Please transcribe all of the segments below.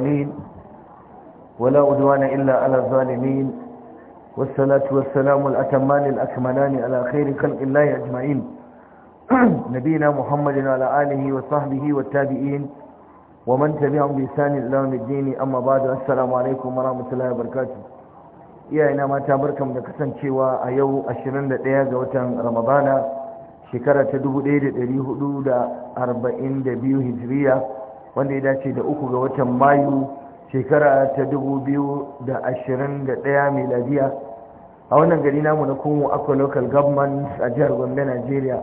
العالمين ولا أدوان إلا على الظالمين والصلاة والسلام الأتمان الأكملان على خير خلق الله أجمعين نبينا محمد على آله وصحبه والتابعين ومن تبعهم بإسان الله الدين أما بعد السلام عليكم ورحمة الله وبركاته iyayena mata barkamu da kasancewa a yau 21 ga watan ramadana shekara ta 1442 hijiriya wanda ya dace da uku ga watan mayu shekara ta da 2021 miladiya a wannan gari namu na kunwo akwai local government a jihar gombe nigeria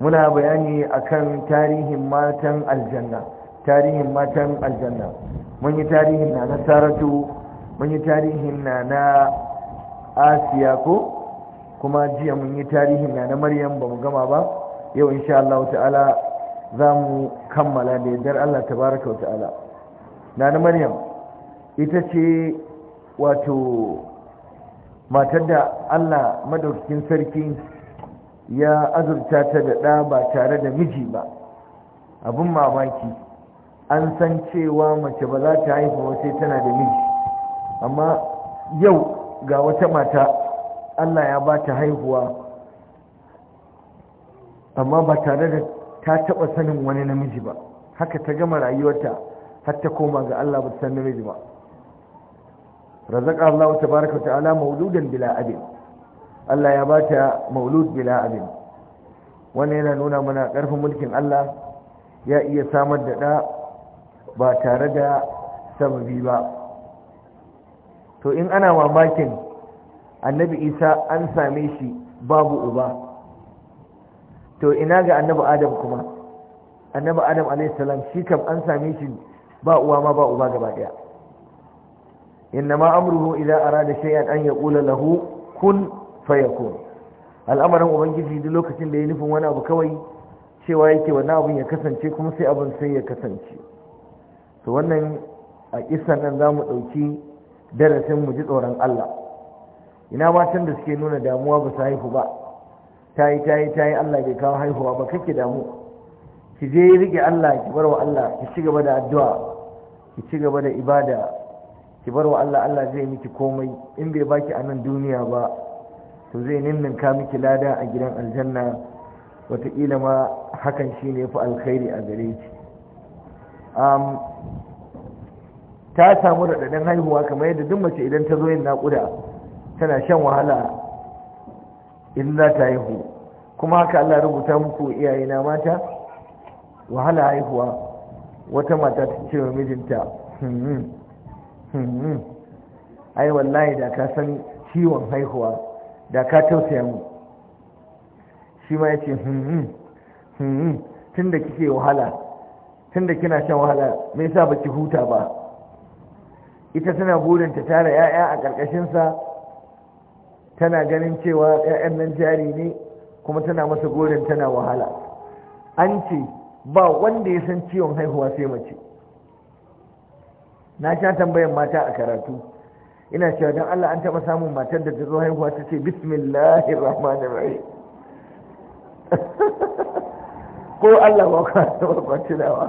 muna bayani akan tarihin matan aljanna tarihin matan aljanna mun yi tarihin na na saratu mun yi tarihin na na asiya ko kuma jiya mun yi tarihin na na maryam ba mu gama ba yau insha Allah ta'ala za mu kammala da yadar Allah ta baraka wa ta'ala nana maryam ita ce wato matar da Allah madaukakin sarki ya azurta ta da ɗa ba tare da miji ba abin mamaki an san cewa mace ba za ta haifu ba sai tana da miji amma yau ga wata mata Allah ya ba ta haihuwa amma ba tare da ta taɓa sanin wani namiji ba haka ta gama rayuwarta har ta koma ga Allah ba san namiji ba razaka Allah tabaraka "Ala mauludan bila abin Allah ya bata maulud bila abin wannan yana nuna mana ƙarfin mulkin Allah ya iya samar da ɗa ba tare da sababi ba to in ana mamakin annabi isa an same shi babu uba to ina ga annabi adam kuma annabi adam alaihissalam shi kam an same shi ba uwa ma ba uba gaba daya innama amruhu idza arada shay'an an yaqula lahu kun fayakun al'amarin ubangiji duk lokacin da ya nufin wani abu kawai cewa yake wani abun ya kasance kuma sai abun sai ya kasance to wannan a kisan nan zamu ɗauki darasin mu ji tsoron Allah ina matan da suke nuna damuwa ba su haihu ba yi ta yi Allah bai kawo haihuwa ba kake damu ki je rike Allah ki bar wa Allah ki ci gaba da addu'a ki ci gaba da ibada ki bar wa Allah Allah zai miki komai in bai baki a nan duniya ba to zai ka miki lada a gidan aljanna wataƙila ma hakan shine ne fi alkhairi a gare ki ta samu raɗaɗin haihuwa kamar yadda duk mace idan ta zo yin naƙuda tana shan wahala in za ta haihu kuma haka Allah rubuta muku iyayena mata wahala haihuwa wata mata ta ce wa mijinta hmm, hmm, hmm, ai wallahi da ka san ciwon haihuwa da ka tausaya mu shi ma ya ce tun da kike wahala tun da kina shan wahala me yasa baki huta ba ita tana burinta tara 'ya'ya a ƙarƙashinsa tana ganin cewa 'ya'yan nan jari ne kuma tana masa gorin tana wahala an ce ba wanda ya san ciwon haihuwa sai mace na sha tambayan mata a karatu ina cewa don Allah an taɓa samun matar da ta zo haihuwa ta ce bismillah rahmanir rahim ko Allah ba kwa tunawa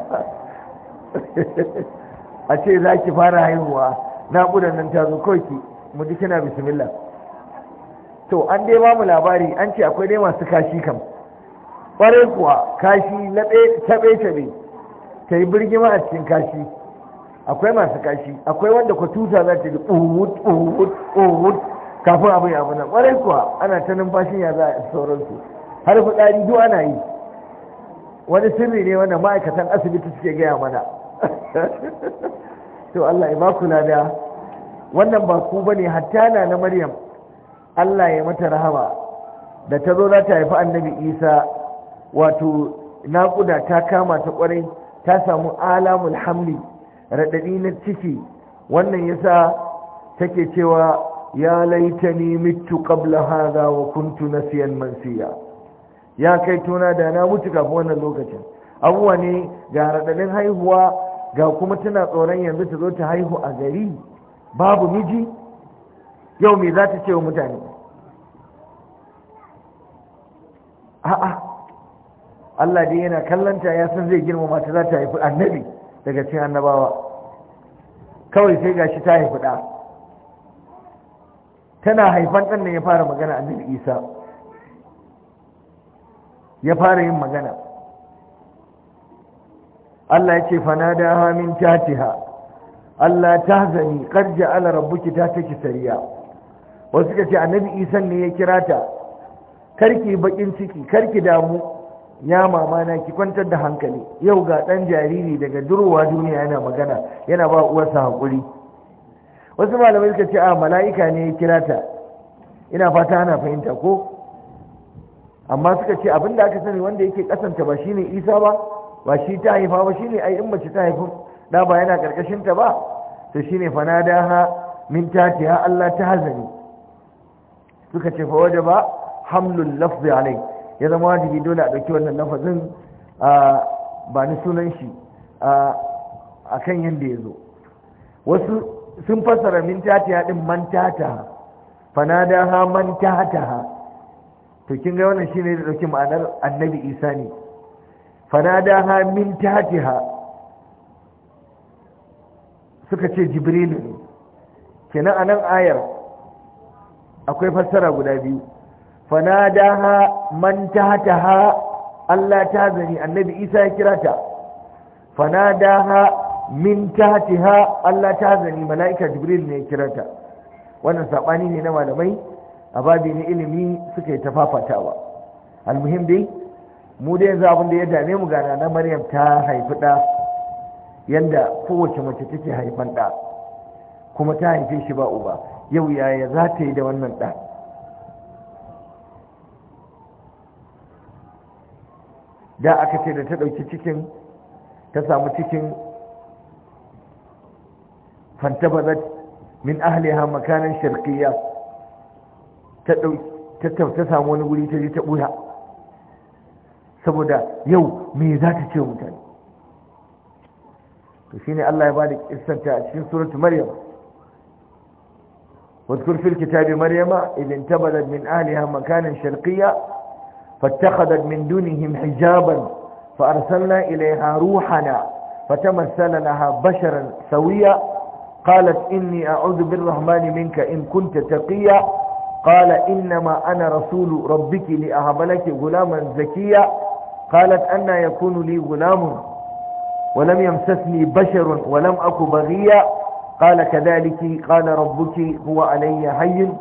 a ce za ki fara haihuwa na nan ta zo kawai ki mu ji kina bismillah to an dai ba mu labari an ce akwai dai masu kashi kam ƙwarai kuwa kashi na taɓe-taɓe ta yi birgima a cikin kashi akwai masu kashi akwai wanda ku tuta za ta yi ɓuhut ɓuhut kafin abin abu nan ƙwarai kuwa ana ta numfashin ya za a sauransu har fitsari duk ana yi wani sirri ne wanda ma'aikatan asibiti suke gaya mana to Allah ya ba ku lada wannan ba ku ne hatta na na Maryam Allah ya mata rahama da ta zo za ta haifi annabi isa wato naƙuda ta kama ta kwarai, ta samu alamul hamli raɗaɗi na ciki wannan yasa take cewa ya laitani mitu qabla hadha wa kuntu nasiyan mansiya ya kai tona da na mutu kafin wannan lokacin abuwa ne ga raɗaɗin haihuwa ga kuma tana tsoron yanzu ta zo ta haihu a gari babu miji yau me za ta ce wa mutane a'a Allah dai yana kallanta ya san zai girmama mata za ta haifi annabi daga cikin annabawa kawai sai gashi ta haifi ɗa tana haifan ɗan ya fara magana annabi isa ya fara yin magana Allah ya ce da min tatiha Allah ta zani karja ala rabbuki ta take sariya wasu suka ce annabi isan ne ya kira ta karki bakin ciki karki damu ya mama na ki kwantar da hankali yau ga dan jariri daga durowa duniya yana magana yana ba uwarsa hakuri wasu malamai suka ce a mala'ika ne ya kira ta ina fata ana fahimta ko amma suka ce abin da aka sani wanda yake kasanta ba shine isa ba ba shi ta haifa ba shine ai in mace ta haifi da ba yana karkashin ta ba to shine fanadaha min tatiha Allah ta hazani suka ce fa wajaba hamlul lafzi alai ya zama wajibi dole a dauki wannan lafazin ba ni sunan shi a kan yadda ya zo wasu sun fassara min tatiya din man tataha fanada ha man tataha to kin ga wannan shine da dauki ma'anar annabi isa ne fanada ha min tatiha suka ce jibrilu ne kenan anan ayar akwai fassara guda biyu ha man ha Allah ta zani annabi Isa ya kira ta ha min ha Allah ta zani mala'ika Jibril ne ya kira ta wannan sabani ne na malamai a babi ne ilimi suka yi tafafatawa almuhim dai mu da yanzu abin da ya dame mu gana na Maryam ta haifi ɗa Yanda kowace mace take haifan ɗa kuma ta haife shi ba uba yau yaya za ta yi da wannan ɗan da aka ce da ta ɗauki cikin ta samu cikin fantabazat min ahliha makanan sharqiyya ta ta samu wani wuri ta ji ta ɓuya saboda yau me za ta ce mutane to shine Allah ya bada kissanta a cikin suratu maryam واذكر في الكتاب مريم إذ انتبذت من أهلها مكانا شرقيا فاتخذت من دونهم حجابا فأرسلنا إليها روحنا فتمثل لها بشرا سويا قالت إني أعوذ بالرحمن منك إن كنت تقيا قال إنما أنا رسول ربك لأهب لك غلاما زكيا قالت أنا يكون لي غلام ولم يمسسني بشر ولم أك بغيا قال كذلك قال ربك هو علي هين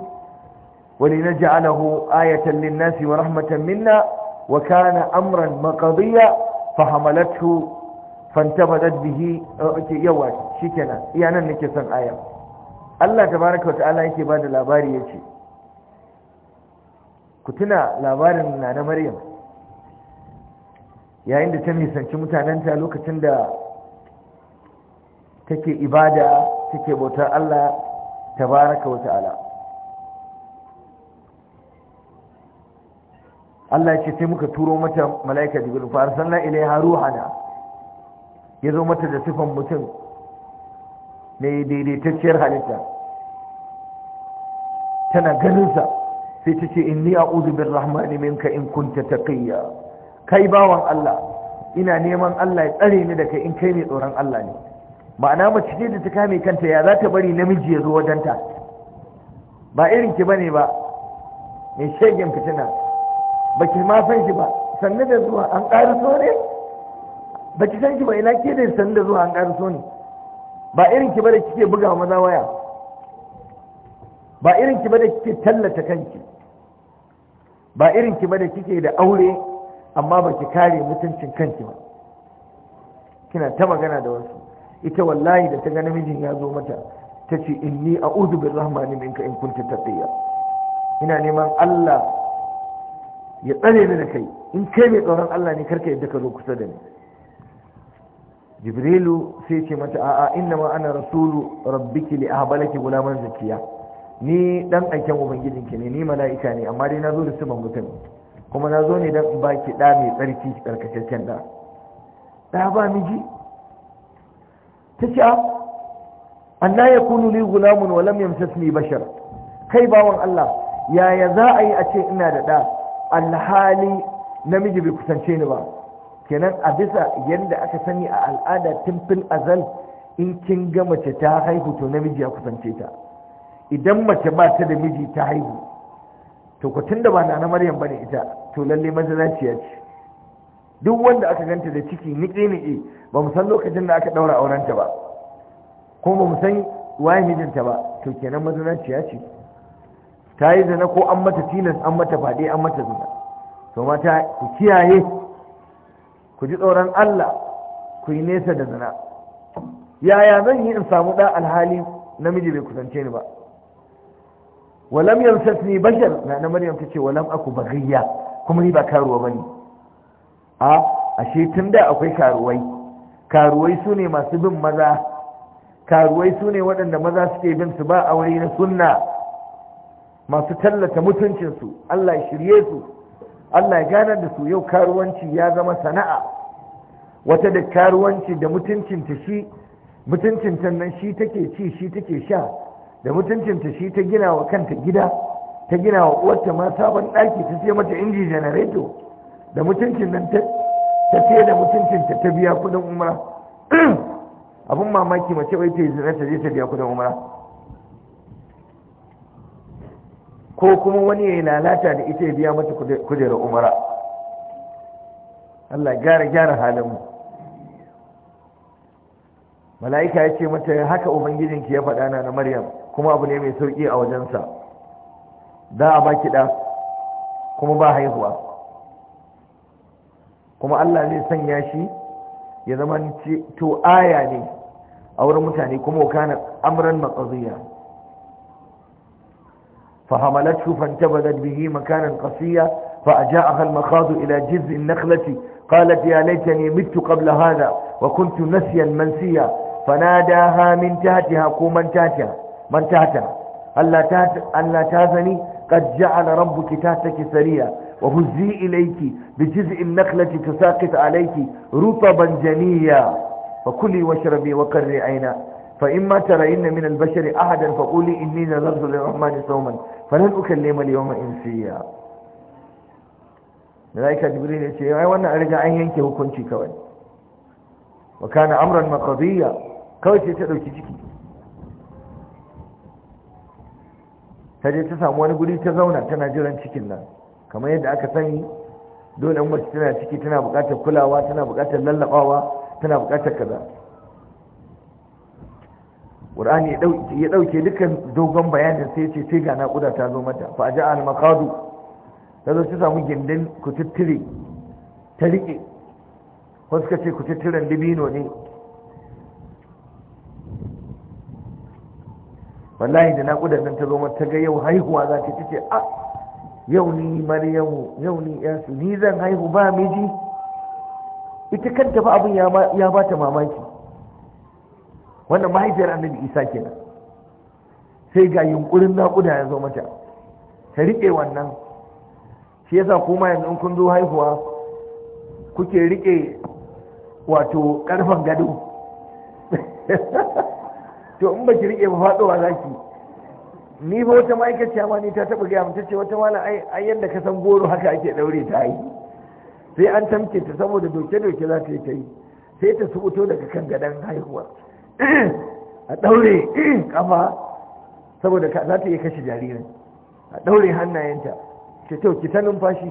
ولنجعله آية للناس ورحمة منا وكان أمرا مقضيا فحملته فانتبذت به يوات شكنا يعني سن آية الله تبارك وتعالى يكي بعد da labari كتنا ku من أنا مريم يا عند تنهي da ta nisanci mutanenta lokacin da take ibada take bautar Allah tabaraka wa ta'ala Allah ya ce sai muka turo mata mala'ika jibril fa arsalna ilaiha ruhana yazo mata da sifan mutum mai daidaitacciyar halitta tana ganin sa sai ta ce inni a'udhu birrahmani minka in kunta taqiyya kai bawan Allah ina neman Allah ya tsare ni da kai in kai ne tsoron Allah ne ma'ana mace ce da ta kame kanta ya za ta bari namiji ya zo wajenta ba irin ki bane ba mai shegen fitina ba ki ma san shi ba sannu da zuwa an ƙari so ne ba ki san shi ba ina ke da sannu da zuwa an ƙari so ne ba irin ki ba da kike buga maza waya ba irin ki ba da kike tallata kanki ba irin ki ba da kike da aure amma ba ki kare mutuncin kanki ba kina ta magana da wasu ita wallahi da ta ga namijin ya zo mata ta ce inni a udu bin rahmani minka in kunta tafiya ina neman Allah ya tsare ni da kai in kai mai tsoron Allah ne karka yadda ka zo kusa da ni jibrilu sai ce mata a'a inna ma ana rasulu rabbiki li ahbalaki gulaman zakiya ni dan aiken ki ne ni mala'ika ne amma dai na zo da siman mutum kuma na zo ne dan in baki da mai tsarki tsarkakakken da da ba miji ta ce na ya kunu ni gulamun wa lam yamsasni bashar kai bawan Allah yaya za a yi a ce ina da ɗa alhali namiji bai kusance ni ba kenan a bisa yadda aka sani a al'ada tun azal in kin ga mace ta haihu to namiji ya kusance ta idan mace ba ta da miji ta haihu to ku tun da ba na maryam bane ita to lalle mazalaciya ce duk wanda aka ganta da ciki niƙe niƙe ba mu san lokacin da aka ɗaura aurenta ba ko ba mu san waye mijinta ba to kenan mazinaciya ce ta yi zana ko an mata tilas an mata faɗi an mata zina to mata ku kiyaye ku ji tsoron Allah ku yi nesa da zina yaya zan yi in samu ɗa alhali namiji bai kusance ni ba walam yamsatni bashar na da maryam ce walam aku bagayya kuma ni ba karuwa bane a ashe tun da akwai karuwai karuwai su ne masu bin maza karuwai su ne waɗanda maza suke bin su ba aure na sunna masu tallata mutuncinsu allah ya shirye su allah ya gane da su yau karuwanci ya zama sana'a wata da karuwanci da mutuncinta shi mutuncinta nan shi take ci shi take sha da mutuncinta shi ta gina wa kanta gida ta gina wa uwarta ma sabon ɗaki ta sai mata inji janareto da mutuncin nan ta fiye da mutuncin ta ta biya kudin umara, abin mamaki mace wai ta yi zina ta je ta biya kudin umara. ko kuma wani ya yi lalata da ita ya biya mata kujerar umara. Allah gyara gyara halin mu mala'ika ya ce mata haka ubangijinki ya faɗa na na maryam kuma abu ne mai sauƙi a wajensa da a baki ɗa kuma ba haihuwa kuma Allah zai sanya shi ya zama to aya ne a wurin mutane kuma kana amran maqdiya فحملته فانتبذت به مكانا قصيا فأجاءها المخاض إلى جذع النخلة قالت يا ليتني مت قبل هذا وكنت نسيا منسيا فناداها من تحتها قوما تحتها من تحتها ألا, تحت ألا تهزني قد جعل ربك تحتك سريا وهزي إليك بجزء النخلة تساقط عليك رطبا جنيا فكلي واشربي وقري عينا فإما ترين من البشر أحدا فقولي إني نظرت للرحمن صوما فلن أكلم اليوم إنسيا ملائكة جبريل يقول أي أيوة، وانا أرجع أن ينكي هكونشي وكان أمرا مقضيا كوان تتدو تجيكي هذه تسام وانا قولي تزونا تناجرا تشكي kamar yadda aka sani dole in mace tana ciki tana buƙatar kulawa tana buƙatar lallabawa tana buƙatar kaza qur'ani ya dauke dukan dogon bayanin sai ce sai ga naƙuda ta zo mata fa ja'a al maqadu ta zo ta samu gindin kututtire ta rike ko suka ce kututturen dibino ne wallahi da naƙudan nan ta zo mata ta ga yau haihuwa za ta ce a ah, yau ni maryamu yau ni yasu ni zan haihu ba miji ita kanta ba abin ya ba ta mamaki wannan mahaifiyar annabi isa kenan sai ga yunkurin naƙuda ya zo mata ta riƙe wannan shi yasa kuma yanzu in kun zo haihuwa kuke riƙe wato ƙarfen gado to in ba ki riƙe ba faɗowa za ki ni ba wata ma'aikaciya ma ni ta taɓa gaya mutum ce wata mala ai yadda ka san goro haka ake ɗaure ta yi sai an tamke ta saboda doke-doke za ta yi ta yi sai ta subuto daga kan gadon haihuwa a ɗaure kafa saboda za ta iya kashe jaririn a ɗaure hannayenta ce to ki ta numfashi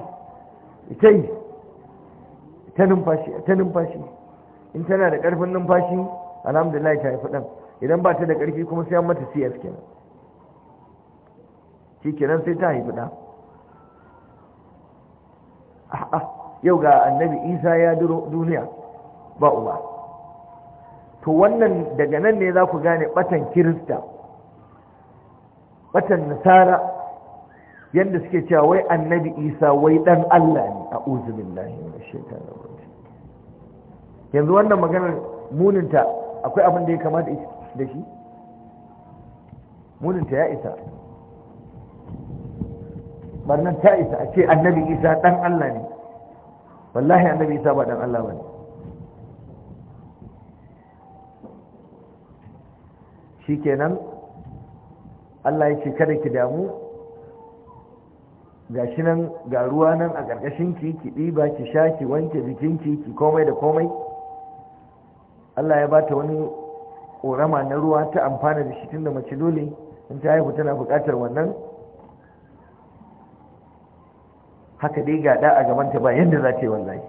ita yi ta numfashi ta numfashi in tana da ƙarfin numfashi alhamdulillah ta haifi ɗan idan ba ta da ƙarfi kuma sai an mata siyas kenan shi sai ta haifi ɗa yau ga annabi isa ya duniya ba uba to wannan daga nan ne za ku gane batan kirista batan nasara yadda suke cewa wai annabi isa wai dan allah ne a uzumin na shekarar yanzu wannan maganar muninta akwai abin da ya kamata da shi muninta ya isa barnan ta isa a annabi isa dan Allah ne wallahi annabi isa ba dan Allah bane shikenan Allah ya ce kada ki damu gashi nan ga ruwa nan a ƙarƙashin ki ki ɗiba ki sha ki wanke jikinki ki komai da komai Allah ya bata wani ƙorama na ruwa ta amfana da shi tunda mace dole in ta haihu tana buƙatar wannan haka dai ga a gabanta ba yadda za ta yi wallahi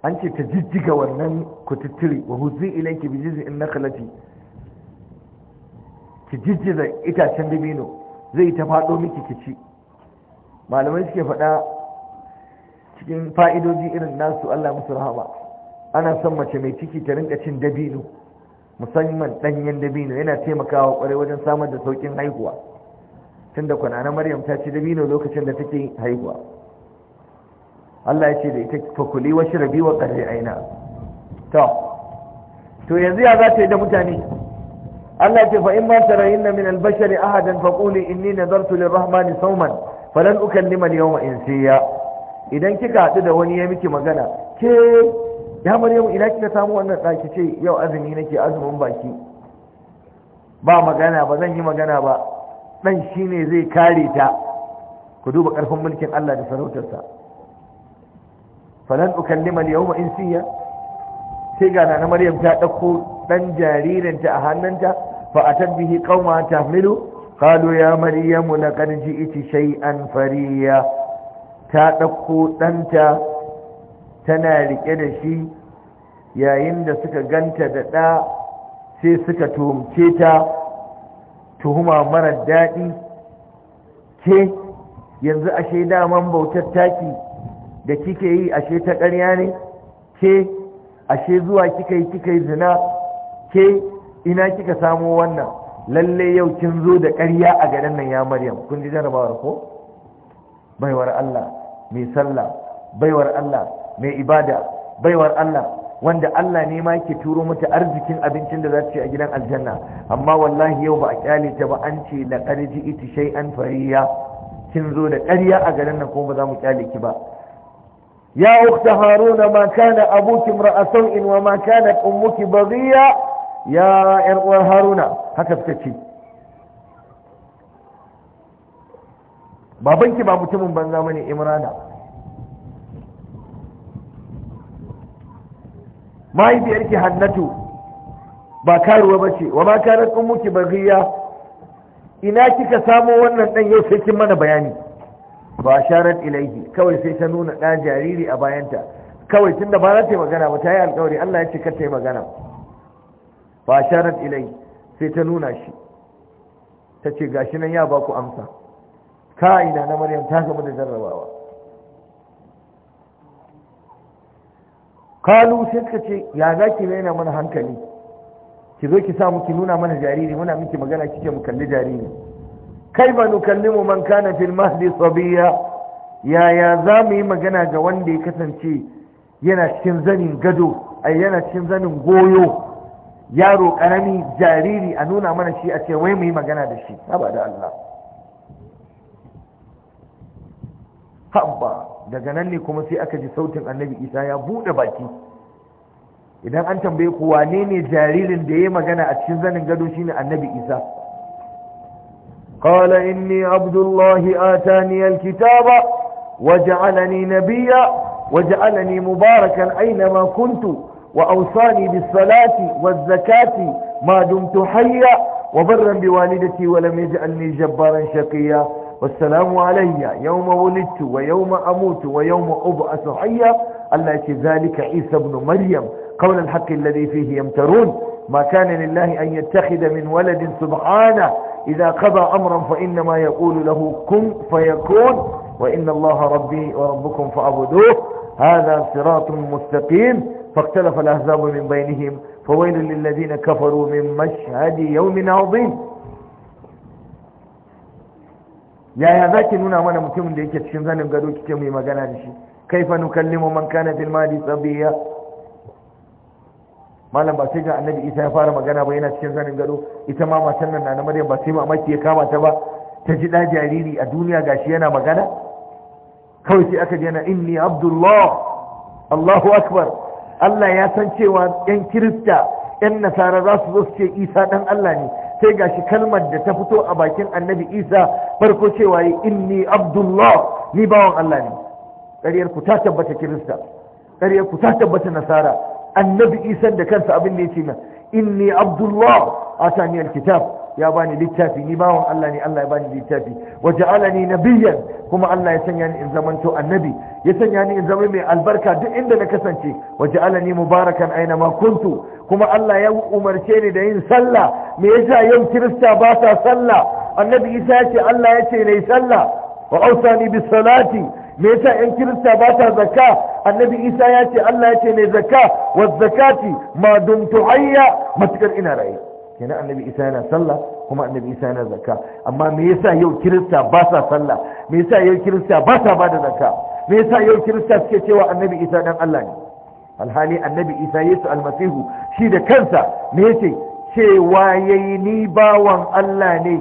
an ce ta jijjiga wannan kututturi wa huzi ilaiki bi jizi in nakalati ki jijjiza itacen dabino zai ta faɗo miki ki ci malamai suke faɗa cikin fa'idoji irin nasu Allah musu rahama ana son mace mai ciki ta rinka cin dabino musamman ɗanyen dabino yana taimakawa ƙwarai wajen samar da sauƙin haihuwa tun da kwanana maryam ta ci dabino lokacin da take haihuwa Allah ya ce da ita fakuli wa shirabi wa ƙarfi aina to to yanzu ya za ta yi da mutane Allah ya ce fa in ma tarayinna min albashari bashari ahadan faquli inni nadartu lir-rahmani sawman falan ukallima al-yawma insiya idan kika haɗu da wani ya miki magana ke ya maryamu ina kika samu wannan ɗaki ce yau azumi nake azumin baki ba magana ba zan yi magana ba ɗan shine zai kare ta ku duba ƙarfin mulkin Allah da sarautarsa falan ukallima al-yawma insiya sai ga na maryam ta ɗauko ɗan jaririnta a hannunta fa atat bihi qauma tahmilu qalu ya maryamu laqad ji'ti shay'an fariya ta ɗauko ɗanta tana rike da shi yayin da suka ganta da ɗa sai suka tuhumce ta tuhuma mara daɗi ke yanzu ashe daman bautar taki da kike yi ashe ta ƙarya ne ke ashe zuwa kika yi kika yi zina ke ina kika samo wannan lalle yau kin zo da ƙarya a garin nan ya maryam kun ji jarabawar ko baiwar allah mai sallah baiwar allah mai ibada baiwar Allah wanda Allah ne ma yake turo mata arzikin abincin da za ta ci a gidan aljanna amma wallahi yau ba a kyale ta ba an ce la qarji iti shay'an fariya kin zo da ƙarya a garin nan ko ba za mu kyale ki ba ya ukhta haruna ma kana abuki imra'a sau'in wa ma kanat ummuki baghiya ya yar uwar haruna haka suka ce babanki ba mutumin banza mane imrana mahaifiyarki hannatu ba karuwa ba ce wa ma kanat ummuki ina kika samo wannan dan yau sai kin mana bayani ba sharat ilaihi kawai sai ta nuna da jariri a bayanta kawai tunda ba za ta yi magana ba ta yi alƙawari Allah ya ce kar ta yi magana ba sharat ilaihi sai ta nuna shi ta ce gashi nan ya ba ku amsa ka ina na maryam ta gama da jarrabawa kalu sai suka ce ya za ki raina mana hankali ki zo ki samu ki nuna mana jariri muna miki magana kike mu kalli jariri kai ba mu man kana fil mahdi sabiya yaya za mu yi magana ga wanda ya kasance yana cikin zanin gado ai yana cikin zanin goyo yaro karami jariri a nuna mana shi a ce wai mu yi magana da shi haba da Allah habba daga nan ne kuma sai aka ji sautin annabi isa ya buɗe baki idan an tambaye ku wane ne jaririn da ya magana a cikin zanin gado shine annabi isa qala inni abdullahi atani alkitaba waj'alani nabiyya waj'alani mubarakan aynama kuntu wa awsani bis salati waz zakati ma dumtu hayya wa barran biwalidati wa lam yaj'alni jabbaran shaqiyya والسلام علي يوم ولدت ويوم أموت ويوم أبعث حيا الله ذلك عيسى بن مريم قول الحق الذي فيه يمترون ما كان لله أن يتخذ من ولد سبحانه إذا قضى أمرا فإنما يقول له كن فيكون وإن الله ربي وربكم فاعبدوه هذا صراط مستقيم فاختلف الأحزاب من بينهم فويل للذين كفروا من مشهد يوم عظيم yaya za ki nuna mana mutumin da yake cikin zanin gado kike mai magana da shi kaifa nukallimu man kana fil madi sabiya malam ba sai ga annabi isa ya fara magana ba yana cikin zanin gado ita ma matan nan na maryam ba sai mamaki ya kama ta ba ta ji da jariri a duniya gashi yana magana kawai sai aka ji yana inni abdullah allahu akbar allah ya san cewa yan kirista yan nasara za su zo su ce isa dan allah ne sai gashi kalmar da ta fito a bakin annabi isa farko cewa yi inni abdullah ni bawan allah ne ƙaryar ku ta tabbata kirista ƙaryar ku ta tabbata nasara annabi isa da kansa abin da ya ce inni abdullah a taniyar kitab ya bani littafi ni bawan Allah ne Allah ya bani littafi wa ja'alani nabiyyan kuma Allah ya sanya ni in zamanto annabi ya sanya ni in zama mai albarka duk inda na kasance wa ja'alani mubarakan aina ma kuntu kuma Allah ya umarce ni da yin sallah me yasa yau kirista ba sa sallah annabi Isa ya ce Allah ya ce nayi sallah wa awsani bis salati me yasa yan kirista ba ta zakka annabi Isa ya ce Allah ya ce ne zakka wa zakati ma dumtu hayya matakar ina raye kenan annabi isa yana sallah kuma annabi isa yana zakka amma me yasa yau kirista ba sa sallah me yasa yau kirista ba sa ba da zakka me yasa yau kirista suke cewa annabi isa dan Allah ne alhali annabi isa yesu almasihu shi da kansa me yace cewa yayi ni bawan Allah ne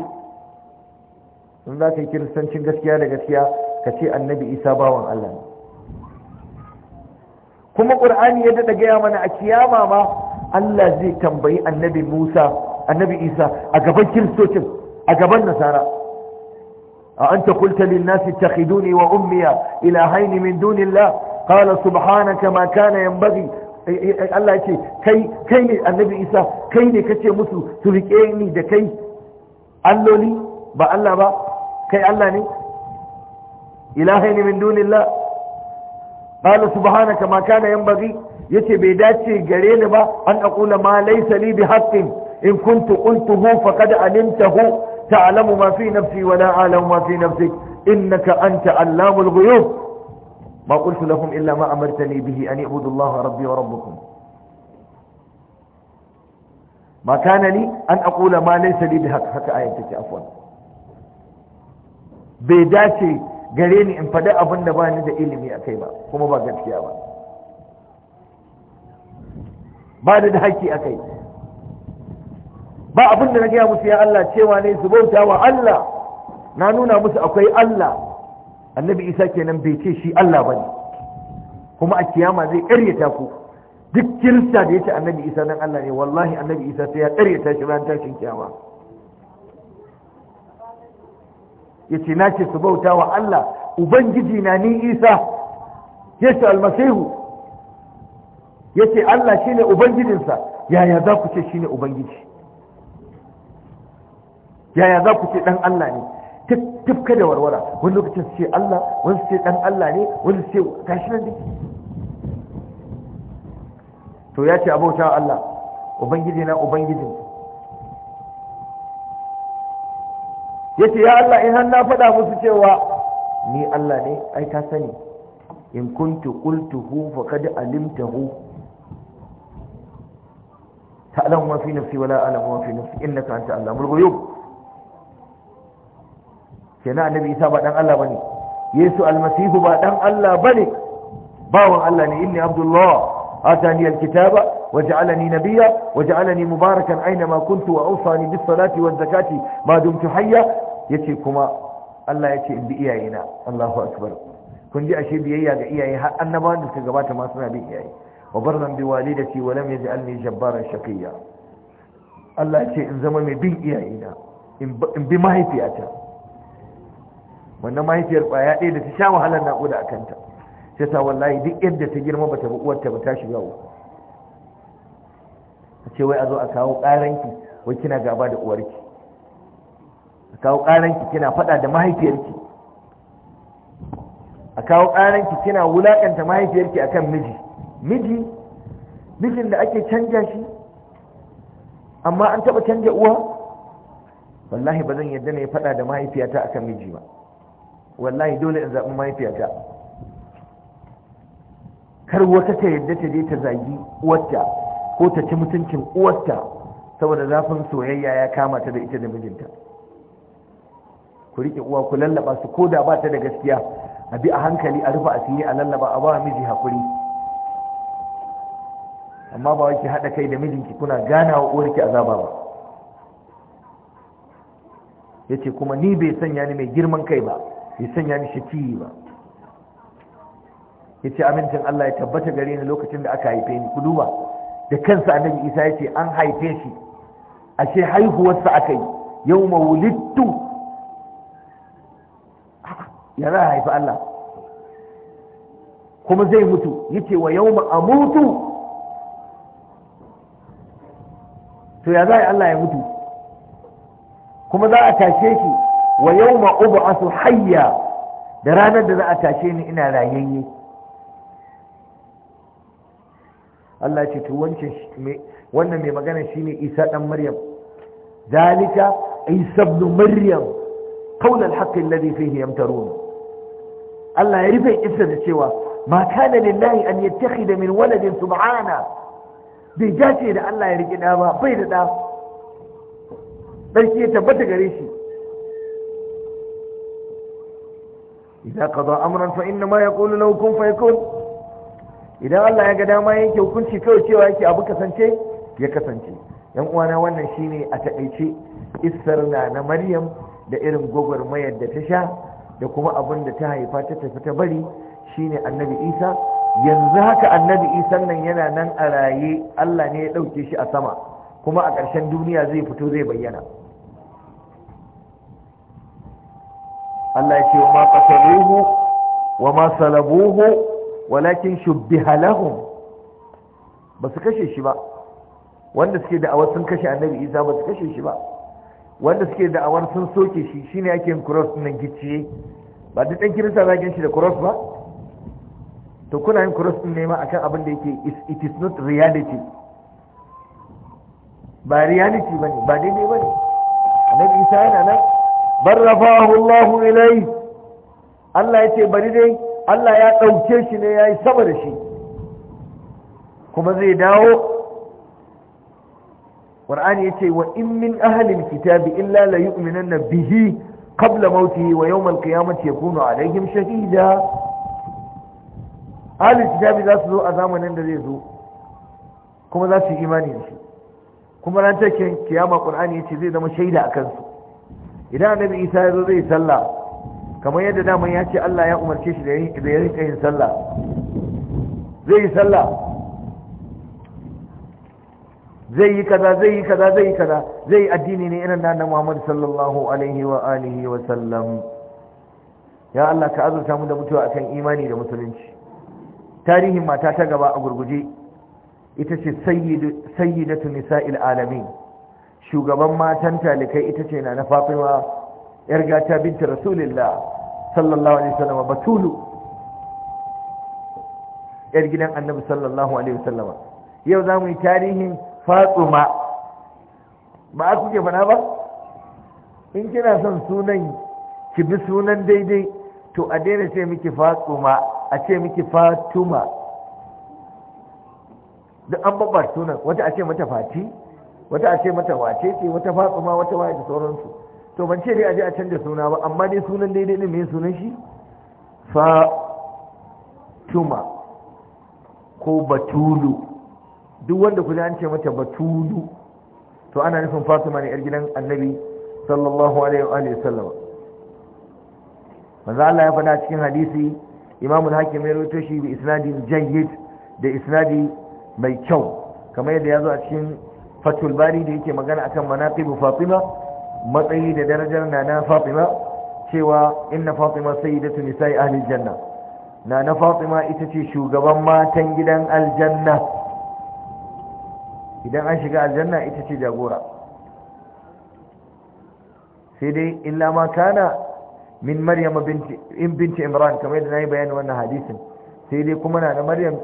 in za ka yi kiristancin gaskiya da gaskiya ka ce annabi isa bawan Allah ne kuma ƙur'ani ya daɗa gaya mana a kiyama ma Allah zai tambayi annabi Musa annabi Isa a gaban kiristocin a gaban nasara a an anta qulta lin nasi takhiduni wa ummiya ila haini min dunillah qala subhanaka ma kana yanbaghi eh, eh, eh, Allah ce kai ne annabi Isa kai ne kace musu su riƙe ni da kai alloli ba Allah ba kai Allah ne haini min dunillah qala subhanaka ma kana yanbaghi yace bai dace gare ni ba an aqula ma laysa li bi haqqin in kuntu kada faqad alimtahu ta'lamu ma fi nafsi wa la a'lamu ma fi nafsik innaka anta allamul ghuyub ma qultu lahum illa ma amartani bihi an i'budu allaha rabbi wa rabbukum ma kana li an aqula ma laysa li bi haqq haka ayat take afwan bai dace gare ni in faɗi abin da ba ni da ilimi a kai ba kuma ba gaskiya ba ba da haƙƙi a kai ba abin da na gaya musu ya Allah cewa ne su bauta wa Allah na nuna musu akwai Allah annabi isa kenan bai ce shi Allah ba ne. kuma a kiyama zai ƙaryata ku duk kirista da ya ce annabi isa nan Allah ne wallahi annabi isa sai ya ƙaryata shi ran tashin kiyama ya ce na ce su bauta wa Allah ubangiji na ni isa yesu almasihu ya ce Allah shi ne Ubangijinsa yaya za ku ce shi ne Ubangiji yaya za ku ce ɗan Allah ne tufka da warwara wani lokacin su ce Allah wani su ce ɗan Allah ne wani su ce gashi nan ne to ya ce abauta Allah Ubangiji na Ubangijin ya ce ya Allah in na faɗa musu cewa ni Allah ne ai ka sani in kuntu qultuhu faqad alimtahu تعلم ما في نفسي ولا أعلم ما في نفسي إنك أنت علام الغيوب كنا النبي إيسا بعد أن الله بني يسوع المسيح بعد أن الله بني باو الله إني عبد الله آتاني الكتاب وجعلني نبيا وجعلني مباركا أينما كنت وأوصاني بالصلاة والزكاة ما دمت حيا يتي كما الله يتي بإيائنا الله أكبر kun ji اشي biyayya ga iyaye har annabawan da suka gabata ma suna وبرا بوالدتي ولم يجعلني جبارا شقيا الله يجي إن زمن بين إيائنا ان بما هي فياتا wannan mahaifiyar kwaya ɗaya da ta sha wahalar naƙuda a kanta sai ta wallahi duk yadda ta girma ta bi uwarta ba ta shiga uku a ce wai a zo a kawo ƙaranki wai kina gaba da uwarki a kawo ƙaranki kina faɗa da mahaifiyarki a kawo ƙaranki kina wulaƙanta mahaifiyarki akan miji miji mijin da ake canja shi amma an taba canja uwa wallahi ba zan yadda na yi fada da mahaifiyata akan miji ba wallahi dole in zaɓi mahaifiyata kar wata ta yadda ta je ta zagi uwarta ko ta ci mutuncin uwarta saboda zafin soyayya ya kama ta da ita da mijinta ku riƙe uwa ku lallaba su ko da ba ta da gaskiya a bi a hankali a rufe asiri a lallaba a ba miji haƙuri amma ba wai haɗa kai da mijinki kuna ganawa uwarki azaba ba yace kuma ni bai sanya ni mai girman kai ba bai sanya ni shaki ba yace amincin Allah ya tabbata gare ni lokacin da aka haife ni ku duba da kansa annabi Isa yace an haife shi ashe haihuwarsa aka yi Yau wulidtu ya za haifi Allah kuma zai mutu yace wa a amutu to ya za Allah ya mutu kuma za a tashe shi wa yau ma'ubu a su hayya da ranar da za a tashe ni ina rayayye Allah ce to wannan mai magana shine isa ɗan maryam zalika isa ibn maryam qawl al-haqq fi fihi yamtarun Allah ya rufe isa da cewa ma kana lillahi an yattakhidha min waladin subhana bai dace da Allah ya riƙe ɗa ba bai da ɗa ɗarki ya tabbata gare shi idan ka zo amuran fa inna ma ya ƙoli na hukun fa idan Allah ya ga dama yanke hukunci kawai cewa yake abu kasance ya kasance yan uwana wannan shine a taƙaice isar na na maryam da irin mayar da ta sha da kuma abin da ta haifa ta tafi ta bari shine annabi isa yanzu haka annabi isan nan yana nan a raye Allah ne ya ɗauke shi a sama kuma a ƙarshen duniya zai fito zai bayyana Allah ya ce wa ma qasaluhu wa ma salabuhu walakin shubbiha lahum ba su kashe shi ba wanda suke da'awar sun kashe annabi isa ba su kashe shi ba wanda suke da'awar sun soke shi shine ake yin cross nan gicciye ba duk ɗan kirista za shi da cross ba to kuna yin cross din nema akan abin da yake it is not reality ba reality bane ba daidai bane annabi isa yana nan Bar barrafahu Allah ilai Allah ya ce bari dai Allah ya ɗauke shi ne ya yi sama da shi kuma zai dawo ya ce wa in min ahli alkitabi illa la yu'minanna bihi qabla mawtihi wa yawm alqiyamati yakunu alaihim shahida ahlul tijabi za su zo a zamanin da zai zo kuma za su yi imani da shi kuma ran take kiyama qur'ani yace zai zama shaida akan su idan annabi isa ya zo zai sallah kamar yadda daman ya ce Allah ya umarce shi da ya rinka yin sallah zai yi sallah zai yi kaza zai yi kaza zai yi kaza zai yi addini ne irin nan Muhammad sallallahu alaihi wa alihi wa sallam ya Allah ka azurta mu da mutuwa akan imani da musulunci tarihin mata ta gaba a gurguje ita ce sayyidatu nisa'il alamin shugaban matan talikai ita ce na fatima yar gata binta rasulillah sallallahu alaihi wasallam batulu yar gidan annabi sallallahu alaihi wasallam yau zamu yi tarihin fatuma ba a kuke fana ba in kina son sunan ki bi sunan daidai to a daina ce miki fatuma a ce miki fatuma duk an babbar sunan wata a ce mata fati wata a ce mata wace ce wata fatsuma wata waye da sauransu to ban ce dai a je a canja suna ba amma dai sunan daidai ne mai sunan shi fatuma ko batulu duk wanda ku an ce mata batulu to ana nufin Fatuma ne yar gidan annabi sallallahu alaihi wa sallam manzo Allah ya faɗa cikin hadisi imamu hakim ya rawaito shi bi isnadin jayyid da isnadi mai kyau kamar yadda ya zo a cikin fatul bari da yake magana akan manaqibu fatima matsayi da darajar nana fatima cewa inna fatima sayyidatu nisa'i ahli janna nana fatima ita ce shugaban matan gidan aljanna idan an shiga aljanna ita ce jagora sai dai illa ma kana min maryam binti in binti imran kamar yadda nayi bayani wannan hadisin sai dai kuma na da maryam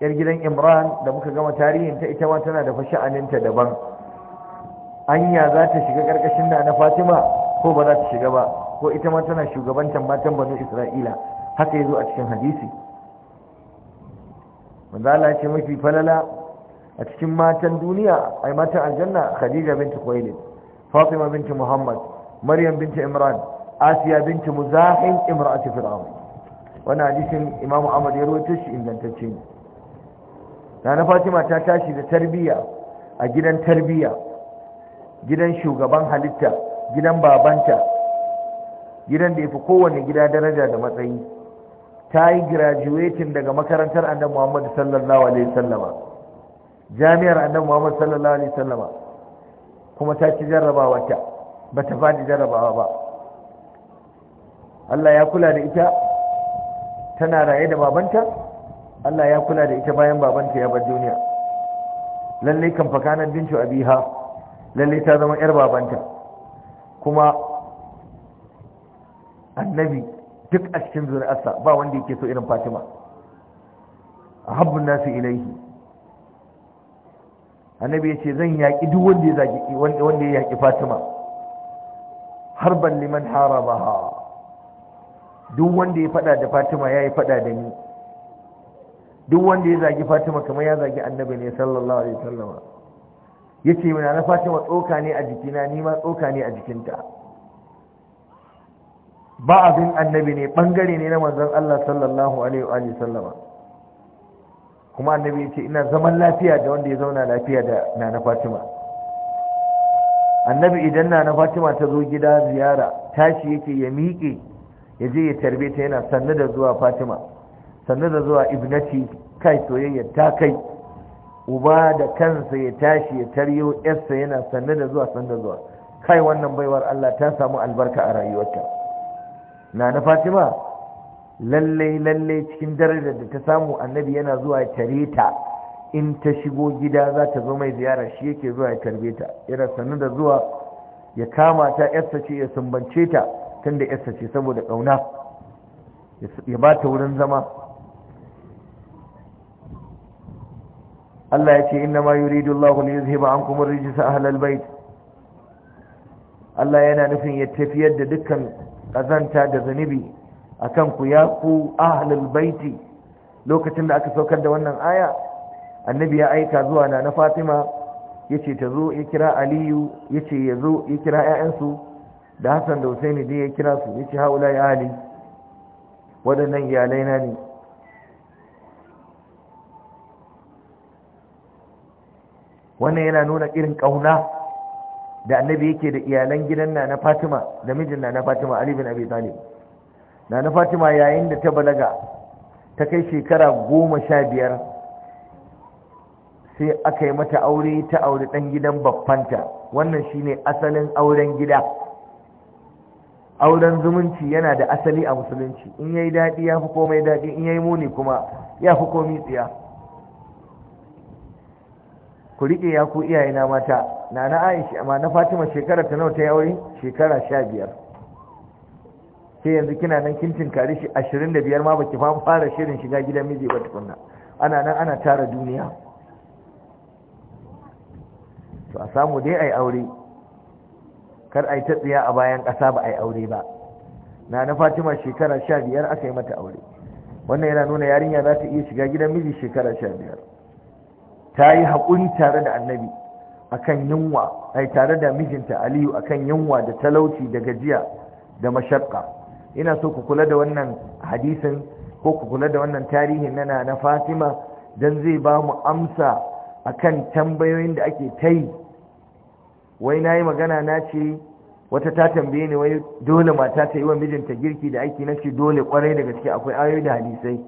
yar gidan imran da muka gama tarihin ta ita ma tana da fasha'aninta daban anya za ta shiga karkashin da na fatima ko ba za ta shiga ba ko ita ma tana shugabantar matan banu isra'ila haka yazo a cikin hadisi manzo ya ce mafi falala a cikin matan duniya ai matan aljanna khadija binti khuwailid fatima binti muhammad maryam binti imran asiya binti muzahin imra'ati fir'aun wannan hadisin Imam ahmad ya rawaito shi ingantacce ne Rana fatima ta tashi da tarbiyya a gidan tarbiyya gidan shugaban halitta gidan babanta gidan da ya fi kowane gida daraja da matsayi ta yi graduating daga makarantar annabi muhammad sallallahu alaihi wasallama jami'ar annabi muhammad sallallahu alaihi wasallama kuma ta ci jarrabawa ta ba fadi jarrabawa ba Allah ya kula da ita tana raye da babanta Allah ya kula da ita bayan babanta ya bar duniya lalle kan fakanan bintu abiha lalle ta zama yar babanta kuma annabi duk a cikin zuri'arsa ba wanda yake so irin fatima ahabbun nasu ilaihi annabi ya ce zan yaƙi duk wanda ya yaƙi fatima harban liman ba. duk wanda ya fada da fatima ya yi fada da ni duk wanda ya zagi fatima kamar ya zagi annabi ne sallallahu alaihi wasallam ya ce mana na fatima tsoka ne a jikina ni ma tsoka ne a jikinta ba abin annabi ne bangare ne na manzon Allah sallallahu alaihi wa sallama kuma annabi ya ce ina zaman lafiya da wanda ya zauna lafiya da nana fatima annabi idan nana fatima ta zo gida ziyara tashi yake ya miƙe ya je ya tarbe ta yana sannu da zuwa fatima sannu da zuwa ibnati kai soyayya ta kai uba da kansa ya tashi ya taryo yarsa yana sannu da zuwa sannu da zuwa kai wannan baiwar Allah ta samu albarka a rayuwarta na na fatima Lallai-lallai, cikin darajar da ta samu annabi yana zuwa ya tare ta in ta shigo gida za ta zo mai ziyara shi yake zuwa ya tarbe ta yana sannu da zuwa ya kama ta yarsa ce ya sumbance ta tun da yasa ce saboda ƙauna ya ba ta wurin zama Allah ya ce inna ma yuridu Allahu li yuzhiba ankum ar-rijsa ahlal bait Allah yana nufin ya tafiyar da dukkan kazanta da a akan ku ya ku ahlul baiti lokacin da aka saukar da wannan aya annabi ya aika zuwa na na Fatima yace ta zo ya kira Aliyu yace ya zo ya kira 'ya'yansu. da hassan da husaini dai ya kira su yace ce haula ya ali waɗannan iyalai na ne wannan yana nuna irin ƙauna da annabi yake da iyalan gidan na fatima da mijin na fatima ali bin abi talib na fatima yayin da ta balaga ta kai shekara goma sha biyar sai aka yi mata aure ta auri ɗan gidan baffanta wannan shine asalin auren gida auren zumunci yana da asali a musulunci in yayi daɗi ya fi komai daɗi in yayi muni kuma ya fi komai tsiya ku riƙe ya ku iyayena mata na na aisha amma na fatima shekara ta nawa ta yi aure shekara sha biyar sai yanzu kina nan kin tinkari shi ashirin da biyar ma baki fa fara shirin shiga gidan miji ba tukunna ana nan ana tara duniya to a samu dai a yi aure kar a yi ta tsiya a bayan ƙasa ba a yi aure ba na na fatima shekara sha biyar aka yi mata aure wannan yana nuna yarinya za ta iya shiga gidan miji shekara sha biyar ta yi haƙuri tare da annabi akan yunwa ai tare da mijinta aliyu akan yunwa da talauci da gajiya da mashakka ina so ku kula da wannan hadisin ko ku kula da wannan tarihin na, na fatima don zai ba mu amsa akan tambayoyin da ake ta yi wai na yi magana na ce wata ta tambaye ni wai dole mata ta yi wa mijinta girki da aiki na ce dole kwarai da gaske akwai ayoyi da hadisai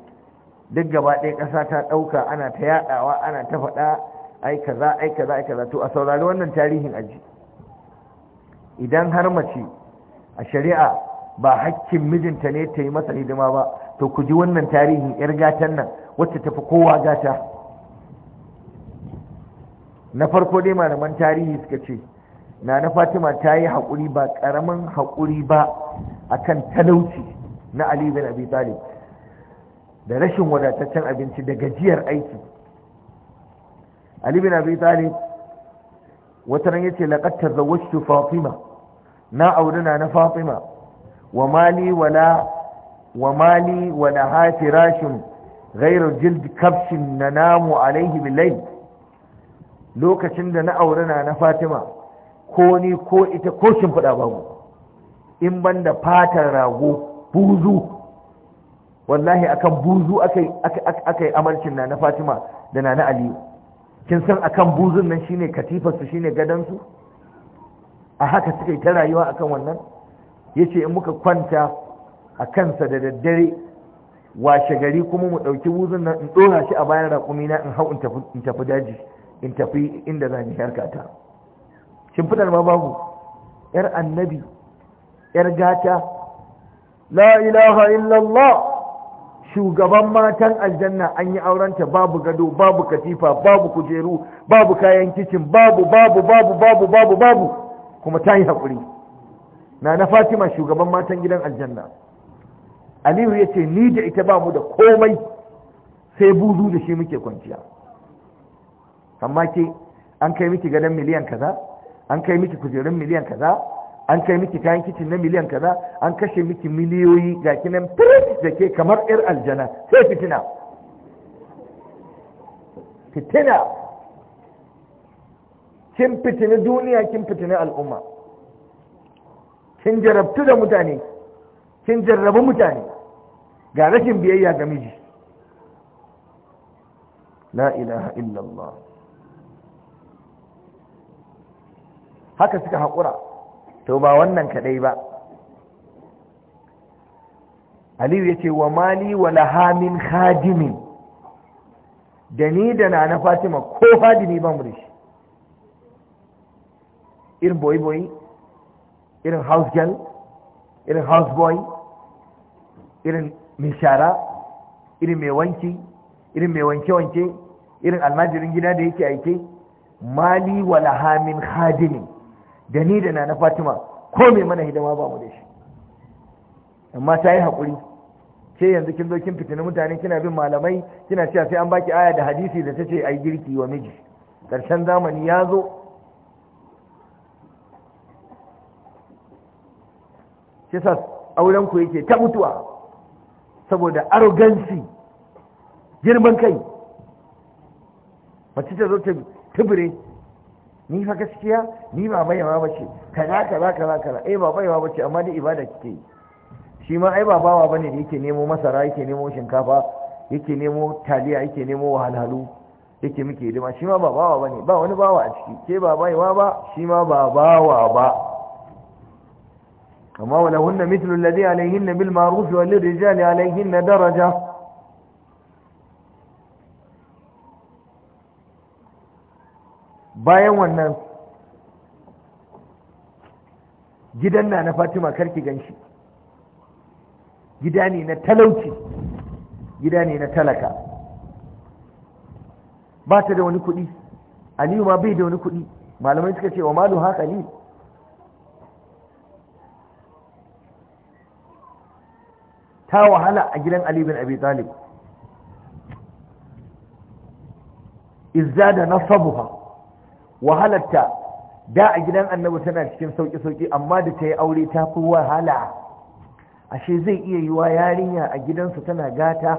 duk gaba ɗaya ƙasa ta ɗauka ana ta yaɗawa ana ta faɗa ai kaza ai kaza ai kaza to a saurari wannan tarihin aji idan har mace a shari'a ba hakkin mijinta ne ta yi masa hidima ba to ku ji wannan tarihin yar gatan nan wacce tafi kowa gata na farko dai malaman tarihi suka ce na na fatima ta yi haƙuri ba ƙaramin haƙuri ba akan talauci na ali bin abi talib da rashin wadataccen abinci da gajiyar aiki ali bin abi talib wata ran yace laqad tazawwajtu fatima na aurina na fatima wa mali wala wa mali wala ghairu jild na namu alaihi lokacin da na aurina na fatima ko ni ko ita ko shimfiɗa babu in banda da fatar rago buzu wallahi akan buzu akai akai amarcin na na fatima da na na aliyu kin san akan buzun nan shine katifarsu shine su a haka suka yi ta rayuwa akan wannan ya in muka kwanta a kansa da daddare washe gari kuma mu ɗauki buzun nan in ɗora shi a bayan na in hau in tafi daji in tafi inda zan yi harkata shimfidar ma babu yar annabi yar gata la ilaha illallah shugaban matan aljanna an yi aurenta babu gado babu katifa babu kujeru babu kayan kicin babu babu babu babu babu babu kuma ta yi haƙuri na na fatima shugaban matan gidan aljanna aliyu ya ce ni da ita ba mu da komai sai buzu da shi muke kwanciya amma ke an kai miki gadon miliyan kaza an kai miki kujerun miliyan kaza an kai miki kayan kicin na miliyan kaza an kashe miki miliyoyi ga kinan firis da ke kamar yar aljana sai fitina fitina kin fitini duniya kin fitini al'umma kin jarabtu da mutane kin jarrabu mutane ga rashin biyayya ga miji la ilaha illallah haka suka haƙura to ba wannan kaɗai ba aliyu ya ce wa mali wa lahamin hadimin da ni da na na fatima ko hadimi ba da shi irin boy-boy irin house girl irin house boy irin mai shara irin mai wanki irin mai wanke-wanke irin almajirin gida da yake aike mali wa lahamin hadimin da ni da na fatima ko mai mana hidima ba mu da shi amma ta yi haƙuri ce yanzu kin zo kin fitini mutane kina bin malamai kina cewa sai an baki aya da hadisi da ta ce ai girki wa miji ƙarshen zamani ya zo sa auren ku yake ta mutuwa saboda arogansi girman kai mace ta zo ta tubire ni fa gaskiya ni ba baiwa bace kaza kaza kaza kaza eh ba baiwa bace amma dai ibada kike yi shi ma ai ba bawa bane da yake nemo masara yake nemo shinkafa yake nemo taliya yake nemo wahalhalu yake muke hidima shi ma ba bawa bane ba wani bawa a ciki ke ba baiwa ba shi ma ba bawa ba kama hunna mithlu alladhi alayhinna bil ma'ruf wa lirrijali alayhinna daraja bayan wannan gidan na na fatima karki ganshi gida ne na talauci gida ne na talaka ba ta da wani kuɗi aliyu ma bai da wani kuɗi malamai suka ce wa malu haka ne ta wahala a gidan Aliyu bin abi talib izza da nasabuha wahalarta da a gidan annabi tana cikin sauƙi-sauƙi amma da ta yi aure ta fi wahala ashe zai iya yiwa yarinya a gidansu tana gata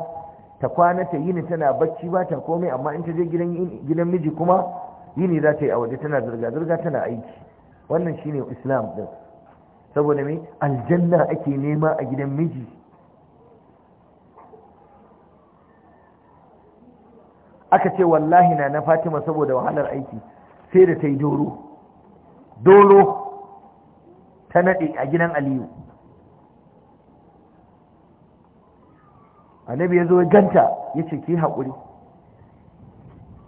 ta kwana ta yini tana bacci ba ta komai amma in ta je gidan miji kuma yini za ta yi aure tana zirga-zirga tana aiki wannan shine islam din saboda me aljanna ake nema a gidan miji aka ce wallahi na na fatima saboda wahalar aiki sai da ta yi doro dolo ta naɗe a gidan aliyu annabi ya zo ya ganta ya ce ki haƙuri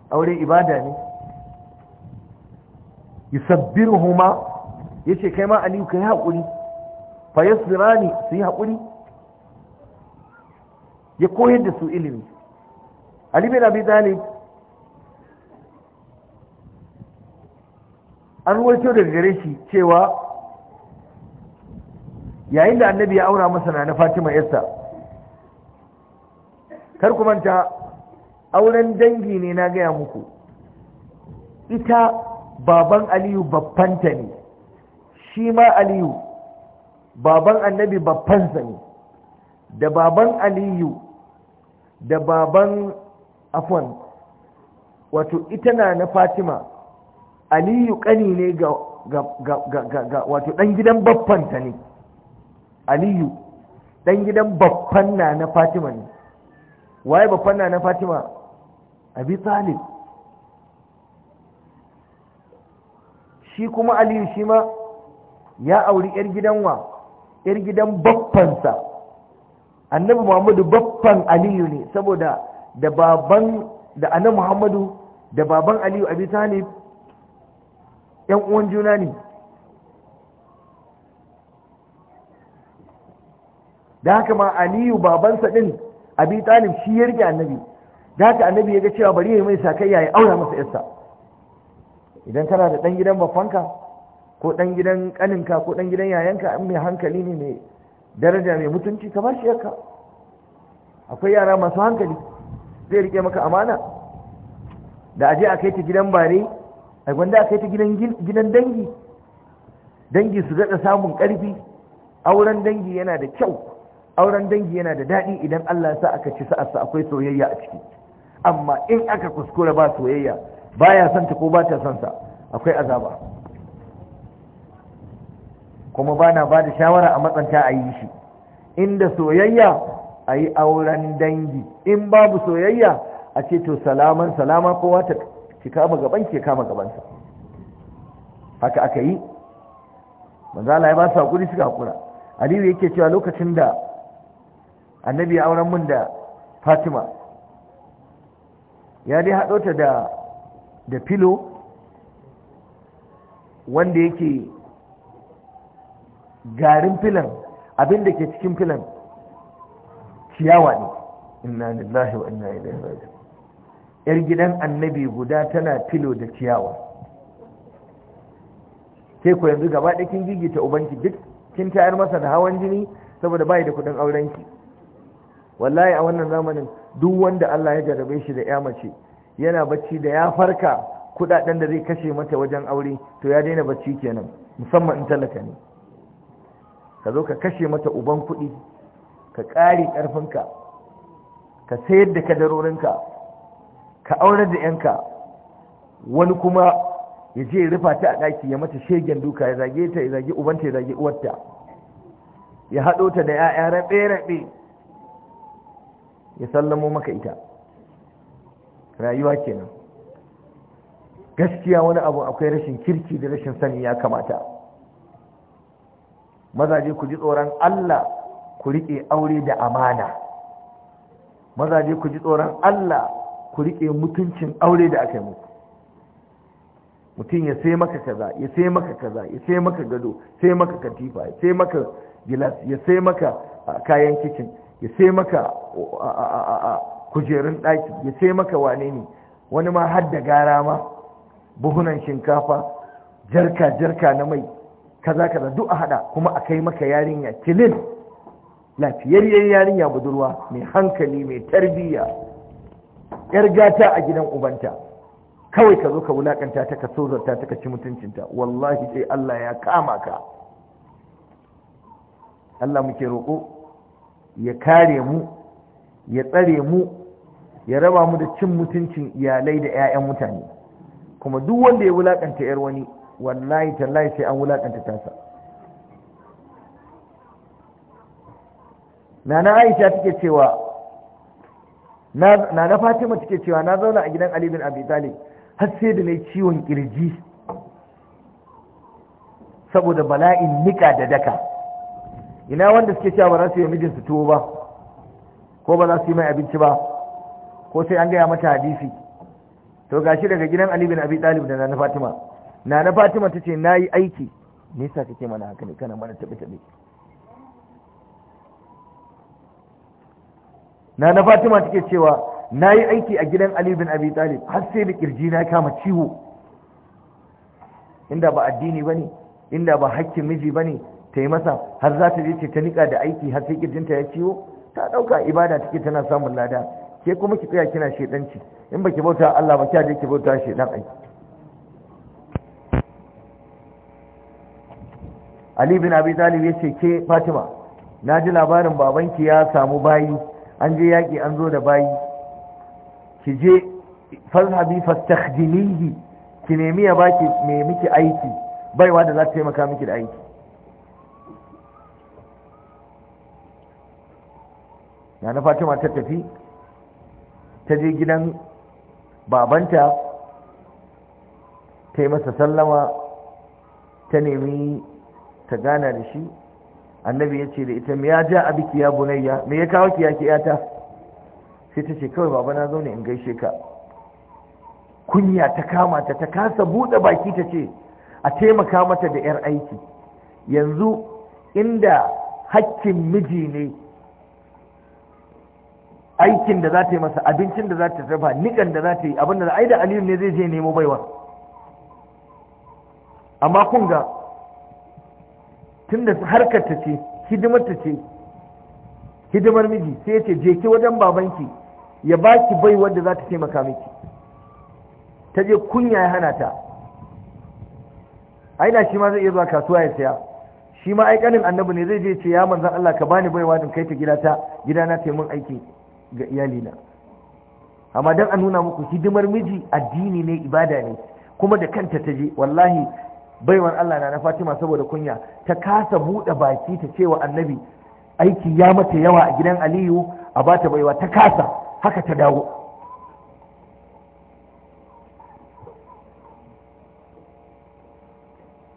aure ibada ne sabbin huma ya ce kai ma aliyu ka yi haƙuri fa yasbirani su yi haƙuri ya koyar da su ilimi ali bin abi talib an ruwaito daga gare shi cewa yayin da annabi ya aura masa na fatima yasta kar ku manta auren dangi ne na gaya muku ita baban aliyu babbanta ne shi ma aliyu baban annabi babbansa ne da baban aliyu da baban afon wato ita na na fatima aliyu ƙani ne ga wato ɗan gidan ta ne aliyu ɗan gidan baffan na na fatima ne waye baffan na na fatima abi talib shi kuma aliyu shi ma ya auri 'yar gidan wa 'yar gidan sa, annabi muhammadu baffan aliyu ne saboda da baban da annabi muhammadu da baban aliyu abi talib yan uwan juna ne da haka ma aliyu babansa ɗin abi talib shi ya rike annabi da haka annabi ya ga cewa bari ya yi mai sakai ya aura masa yarsa idan kana da dan gidan bafanka ko dan gidan kaninka ko dan gidan yayanka an mai hankali ne mai daraja mai mutunci ka ba shi yarka akwai yara masu hankali zai rike maka amana da aje a kai ta gidan bare ai gwanda kai ta gidan dangi dangi su daɗa samun ƙarfi auren dangi yana da kyau auren dangi yana da daɗi idan Allah sa aka ci sa'arsa akwai soyayya a ciki amma in aka kuskura ba soyayya baya son ta ko ba ta son akwai azaba kuma ba na ba da shawara a matsanta a yi shi inda soyayya a yi auren dangi in babu soyayya a ce to salaman salama kowa ta ki kama gaban ki kama gabansa haka aka yi manzo Allah ya ba su hakuri suka hakura Aliyu yake cewa lokacin da annabi ya auren mun da Fatima ya dai haɗo ta da da filo wanda yake garin filan abin da ke cikin filan ciyawa ne inna lillahi wa inna ilaihi raji'un 'yar gidan annabi guda tana filo da ciyawa sai ku yanzu gaba da kin gigita ubanki duk kin tayar masa da hawan jini saboda bai da kudin aurenki wallahi a wannan zamanin duk wanda Allah ya jarabe shi da ya mace yana bacci da ya farka kuɗaɗen da zai kashe mata wajen aure to ya daina bacci kenan musamman in talaka ne ka zo ka kashe mata uban kuɗi, ka ƙare karfinka ka sayar da kadarorinka ka aure da yanka wani kuma ya je rufa ta a ɗaki ya mata shegen duka ya zage ta ya zage ubanta ya zage uwarta ya haɗo ta da ya'ya raɓe-raɓe ya sallamo maka ita rayuwa kenan gaskiya wani abu akwai rashin kirki da rashin sani ya kamata mazaje ku ji tsoron Allah ku riƙe aure da amana mazaje ku ji tsoron Allah ku riƙe mutuncin aure da aka yi muku mutum ya sai maka kaza ya sai maka kaza ya sai maka gado sai maka katifa ya sai maka gilas ya sai maka kayan kicin ya sai maka kujerun ɗaki ya sai maka wane ne wani ma har da gara ma buhunan shinkafa jarka jarka na mai kaza kaza duk a hada kuma a kai maka yarinya kilin lafiyayyen yarinya budurwa mai hankali mai tarbiyya yar gata a gidan ubanta kawai ka zo ka wulakanta ta ka sozarta ta ka ci mutuncinta wallahi sai Allah ya kama ka Allah muke roƙo ya kare mu ya tsare mu ya raba mu da cin mutuncin iyalai da 'ya'yan mutane kuma duk wanda ya wulakanta yar wani wallahi tallahi sai an wulakanta tasa nana Aisha take cewa na na Fatima take cewa na zauna a gidan Ali bin Abi Talib har sai da nayi ciwon kirji saboda bala'in nika da daka ina wanda suke cewa ba za su yi mijinsu tuwo ba ko ba za su yi mai abinci ba ko sai an gaya mata hadisi to gashi daga gidan Ali bin Abi Talib da Nana Fatima Nana Fatima tace nayi aiki nisa kake mana haka ne kana mana tabi tabi na na fatima take cewa na yi aiki a gidan ali bin abi talib har sai da kirji na kama ciwo inda ba addini bane inda ba hakkin miji bane ta yi masa har za ta je ce ta nika da aiki har sai kirjinta ya ciwo ta dauka ibada take tana samun lada ke kuma ki tsaya kina shedanci in baki bauta Allah ba kya je ki bauta shedan aiki Ali bin Abi Talib ce ke Fatima na ji labarin babanki ya samu bayi an je yaƙi an zo da bayi ki je falhabi fastakhdimihi ki nemi ya baki me miki aiki baiwa da za ta taimaka miki da aiki na na fatima ta tafi ta je gidan babanta ta yi masa sallama ta nemi ta gana da shi annabi ya ce da ita me ya ja abiki ya bunayya me ya kawo ki ya ke yata sai ta ce kawai baba na zaune in gaishe ka kunya ta kama ta ta kasa buɗe baki ta ce a taimaka mata da 'yar aiki yanzu inda hakkin miji ne aikin da za ta yi masa abincin da za ta dafa nikan da za ta yi abin da ai da aliyu ne zai je nemo baiwa amma kun ga tun da harkar ta ce hidimar ta ce hidimar miji sai ya ce je ki wajen babanki ya baki bai wanda za ta taimaka miki ta je kunya ya hana ta ina shi ma zai iya zuwa kasuwa ya saya shi ma aikanin annabi ne zai je ce ya manzan Allah ka bani baiwa din kai ta gida ta gida na taimun aiki ga iyalina amma dan a nuna muku hidimar miji addini ne ibada ne kuma da kanta ta je wallahi baiwar Allah na na Fatima saboda kunya ta kasa buɗe baki ta cewa annabi aiki ya mata yawa a gidan Aliyu a bata baiwa ta kasa haka ta dawo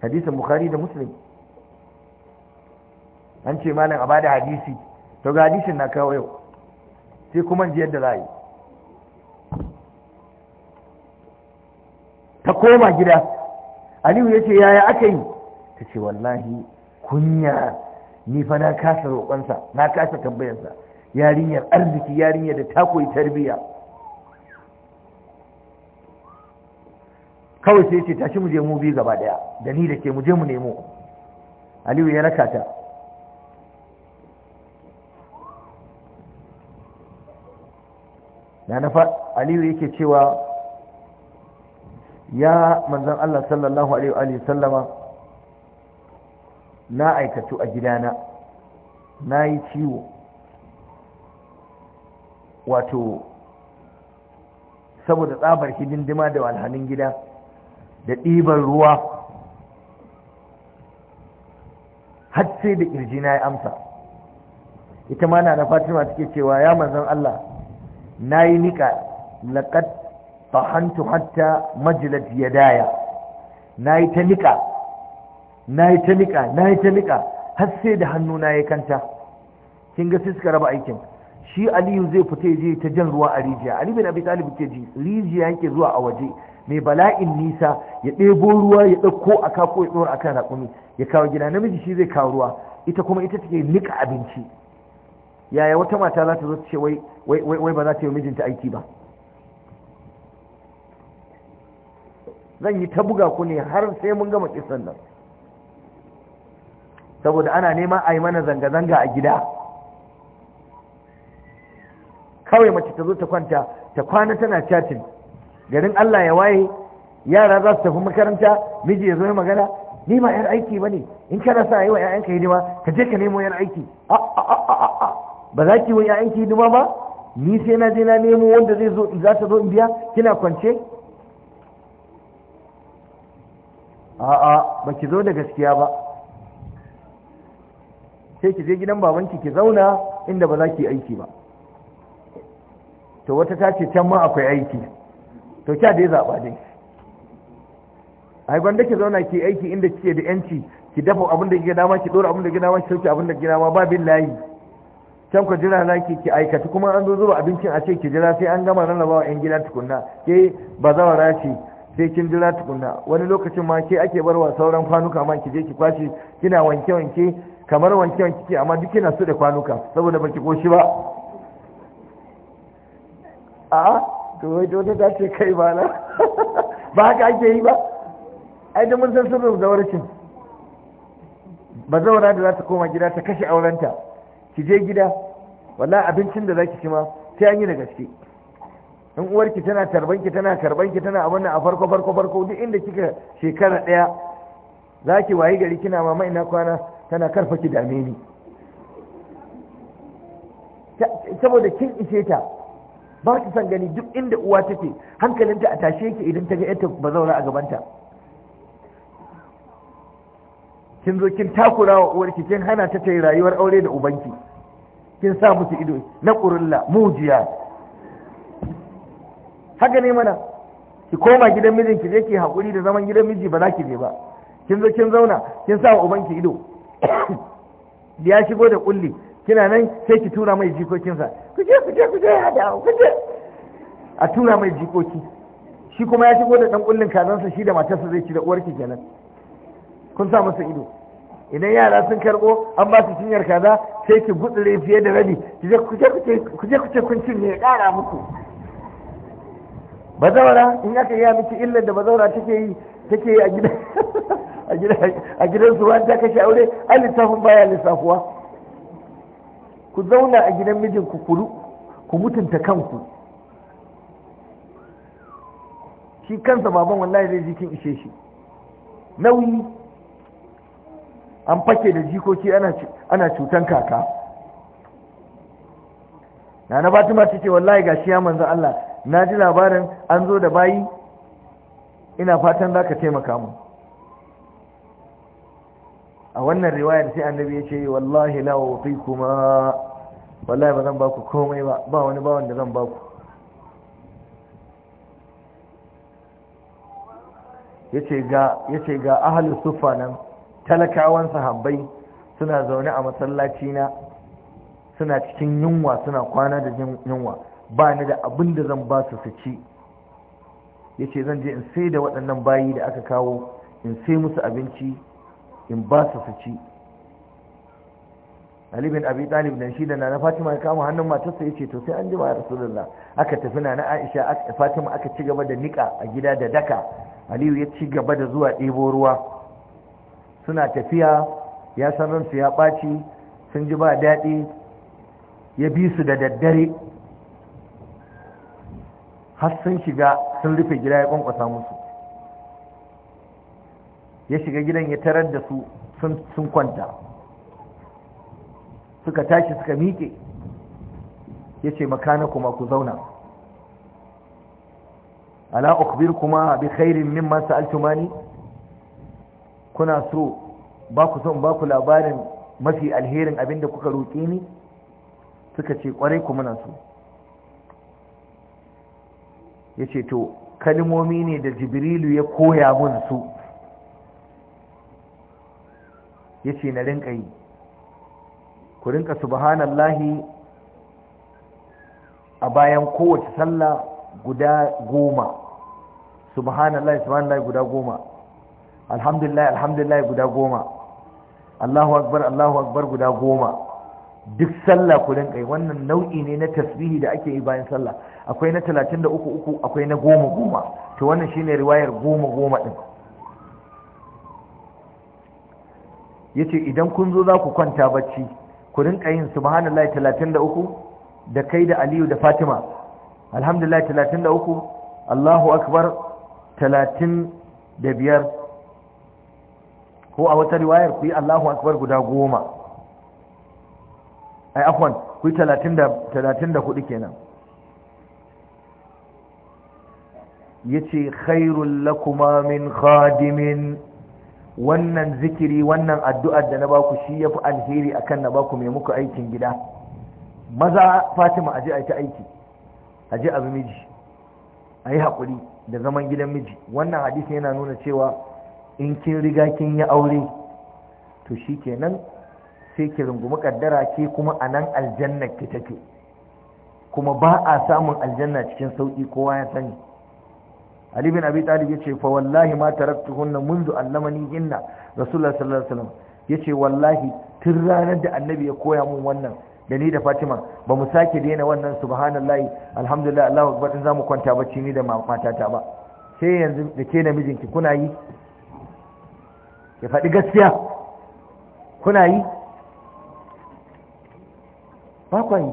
hadisin Bukhari da Muslim an ce malam a bada hadisi to ga hadisin na kawo yau sai kuma ji yadda za ta koma gida aliyu ya ce yaya aka yi ta ce wallahi kunya ni fa na kasa roƙonsa na kasa tambayarsa yarinyar arziki yarinyar da ta koyi tarbiyya kawai sai ce tashi mu mu bi gaba daya da ni da ke mu mu nemo aliyu ya raka ta na nafa aliyu yake cewa ya manzan Allah sallallahu alaihi wa sallama na aikatu a gidana na yi ciwo wato saboda tsabar hidindima da walhanin gida da ɗiban ruwa har sai da ƙirji na ya amsa ita ma na na fatima suke cewa ya manzan Allah na yi niƙa laƙat fahantu hatta majalat yadaya na yi ta nika na yi ta nika na yi ta nika har sai da hannu na ya kanta kin ga sai suka raba aikin shi aliyu zai fita je ta jan ruwa a rijiya ali bin abi talib ke ji rijiya yake zuwa a waje mai bala'in nisa ya ɗebo ruwa ya ɗauko a kako ya ɗora akan raƙumi ya kawo gida namiji shi zai kawo ruwa ita kuma ita take nika abinci yaya wata mata za ta zo ta ce wai ba za ta yi mijinta aiki ba zan yi ta buga ku ne har sai mun gama kisan nan saboda ana nema a yi mana zanga-zanga a gida kawai mace ta zo ta kwanta ta kwana tana chatin garin Allah ya waye yara za su tafi makaranta miji ya zo ya magana ni ma yar aiki bane in kana sa yi wa yi hidima ka je ka nemo yar aiki ba za ki wa ƴaƴanki hidima ba ni sai na je na nemo wanda zai zo za ta zo in biya kina kwance a'a ba ki zo da gaskiya ba sai ki je gidan babanki ki zauna inda ba za ki aiki ba to wata ta ce can ma akwai aiki to kya dai zaɓa dai ai da ki zauna ki aiki inda kike da yanci ki dafa abin da kike ma ki dora abin da kike ma ki sauke abin da kike ma ba bin layi can ku jira na ki ki aikata kuma an zo zuba abincin a ce ki jira sai an gama rarrabawa yan gida tukunna ke ba zawara ce sai kin jira tukunna wani lokacin ma ke ake barwa sauran kwanuka ma ki je ki kwashe kina wanke wanke kamar wanke wanke ke amma duk kina so da kwanuka saboda baki koshi ba a to wai dole da ce kai ba na ba haka ake yi ba ai da mun san sirrin zawarcin ba zaura da za ta koma gida ta kashe aurenta ki je gida wallahi abincin da zaki ci ma sai an yi da gaske in uwarki tana tarbanki tana karbanki tana abin a farko farko farko duk inda kika shekara daya za ki wayi gari kina mama ina kwana tana karfa ki dame ni saboda kin ishe ta ba ki san gani duk inda uwa take hankalinta a tashe ki idan ta ga 'yanta ba zaura a gabanta kin zo kin takura wa uwarki kin hana ta ta yi rayuwar aure da ubanki kin sa musu ido na kurulla mujiya haka ne mana ki koma gidan mijin ki je ki hakuri da zaman gidan miji ba za ki je ba kin zo kin zauna kin sa wa ki ido ya shigo da kulli kina nan sai ki tura mai jikokinsa ku je ku je ku je ya da ku je a tura mai jikoki shi kuma ya shigo da dan kullin kazansa shi da matarsa zai ci da uwarki kenan kun sa masa ido idan yara sun karbo an ba su cinyar kaza sai ki gudure fiye da rabi ki je ku je ku je kun cinye ya kara muku bazawara in aka yi miki illar da bazawara take yi take yi a gidan su ta kashe aure an lissafin baya lissafuwa ku zauna a gidan mijinku ku mutunta kanku shi kansa baban wallahi zai jikin ishe shi nauyi an fake da jikoki ana cutan kaka na na fatima ta ce wallahi ga shi ya manzo Allah na ji labarin an zo da bayi ina fatan za ka taimaka mu a wannan riwayar sai annabi ya ce wallahi la wuti kuma wallahi ba zan baku komai ba ba wani bawan da zan baku. ya ce ga ahalus sufa nan talakawan sahabbai suna zaune a masallaci na suna cikin yunwa suna kwana da yunwa ba ni da abin da zan ba su ci ya ce zan je in sai da waɗannan bayi da aka kawo in sai musu abinci in ba su su ci alibin bin Abi Talib shi da Nana Fatima ya kama hannun matarsa ya ce to sai an jima ya lalla aka tafi Nana Aisha Fatima aka ci gaba da nika a gida da daka Aliyu ya ci gaba da zuwa ɗebo ruwa suna tafiya ya san ransu ya ɓaci sun ji ba daɗi ya bi su da daddare har sun shiga sun rufe gida ya kwankwasa musu ya shiga gidan ya tarar da su sun kwanta suka tashi suka miƙe ya ce makana kuma ku zauna ala ukbir kuma bi khairin mimman sa'altumani kuna so ba ku son ba ku labarin mafi alherin abinda kuka roƙe ni suka ce kwarai kuma na so ya ce to kalmomi ne da jibrilu ya koya mun su ya ce na rinka yi ku rinka subhanallahi a bayan kowace sallah guda goma subhanallahi subhanallahi guda goma alhamdulillah alhamdulillah guda goma allahu akbar allahu akbar guda goma duk sallah ku rinka yi wannan nau'i ne na tasbihi da ake yi bayan sallah akwai na 33 uku akwai na goma goma to wannan shine riwayar goma goma din yace idan kun zo za ku kwanta bacci ku rinka yin subhanallahi 33 da kai da Aliyu da Fatima alhamdulillah 33 Allahu akbar 35 ko a wata riwayar ku yi Allahu akbar guda goma ai afwan ku yi talatin da hudu kenan ya ce khairun lakumamin min khadimin wannan zikiri wannan addu'ar da na baku shi ya fi alheri a kan na baku mai muku aikin gida maza fatima aje a ta aiki aje abu miji a yi haƙuri da zaman gidan miji wannan hadisi yana nuna cewa in kin riga kin yi aure to shi kenan sai ki rungumi kaddara ke kuma a nan aljanna ke take kuma ba a samun aljanna cikin sauki kowa ya sani Ali bin Abi Talib yace fa wallahi ma hunna mundu allamani hinna Rasulullah sallallahu alaihi wasallam yace wallahi tun ranar da Annabi ya koya mun wannan da ni da Fatima ba mu sake daina wannan subhanallahi alhamdulillah Allahu akbar din zamu kwanta bacci ni da matata ba sai yanzu da ke namijinki kuna yi ya faɗi gaskiya kuna yi bakwai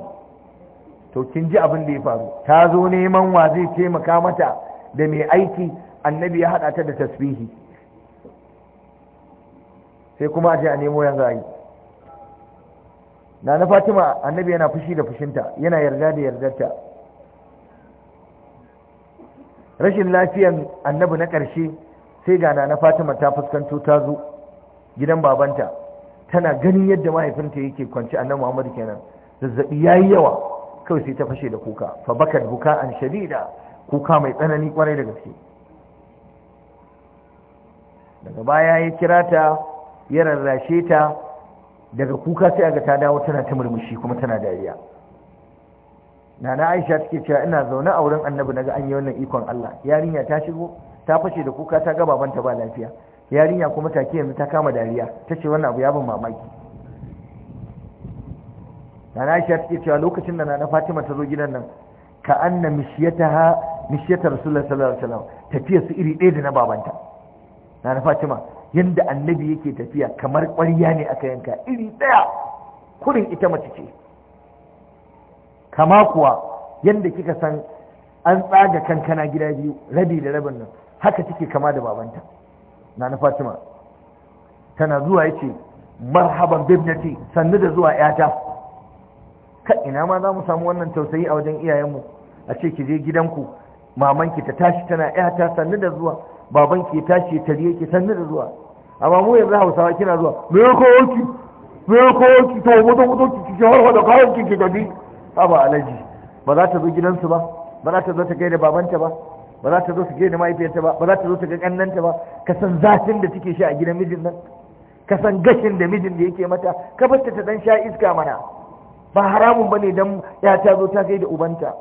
to kin ji abin da ya faru ta zo neman wa zai taimaka mata da mai aiki annabi ya haɗa ta da tasbihi sai kuma aje a nemo yanzu ayi na na fatima annabi yana fushi da fushinta yana yarda da yardarta rashin lafiyan annabi na ƙarshe sai ga na na fatima ta fuskanto ta zo gidan babanta tana ganin yadda mahaifinta yake kwanci annabi muhammadu kenan zazzabi yi yawa kawai sai ta fashe da kuka fa bakat buka'an shadida kuka mai tsanani kwarai da gaske daga baya ya kira ta ya rarrashe ta daga kuka sai ga ta dawo tana ta murmushi kuma tana dariya nana Aisha take cewa ina zaune a wurin Annabi naga an yi wannan ikon Allah yarinya ta shigo ta fashe da kuka ta ga babanta ba lafiya yarinya kuma take yanzu ta kama dariya tace wannan abu ya ban mamaki nana aisha take cewa lokacin da na fatima ta zo gidan nan ka an na mishiyata rasulullah sallallahu alaihi tafiya su iri ɗaya da na babanta Na na fatima yanda annabi yake tafiya kamar ƙwarya ne aka yanka iri ɗaya kurin ita mace ce kama kuwa yadda kika san an tsaga kankana gida biyu rabi da rabin nan haka take kama da babanta Na na fatima tana zuwa yace marhaban bibnati sannu da zuwa yata ka ina ma za mu samu wannan tausayi a wajen iyayenmu a ce ki je gidanku mamanki ta tashi tana ya ta sannu da zuwa babanki ta tashi tare ki sannu da zuwa amma mu yanzu hausawa kina zuwa me ya kawo ki me ya kawo ki to mu to mutum ki ki har da kawo ki ki gabi ba alaji ba za ta zo gidansu ba ba za ta zo ta gaida babanta ba ba za ta zo ta gaida mahaifiyarta ba ba za ta zo ta ga kannanta ba ka san zafin da take shi a gidan mijin nan ka san gashin da mijin da yake mata ka bar ta ta dan sha iska mana ba haramun ba ne don ya ta zo ta kai da ubanta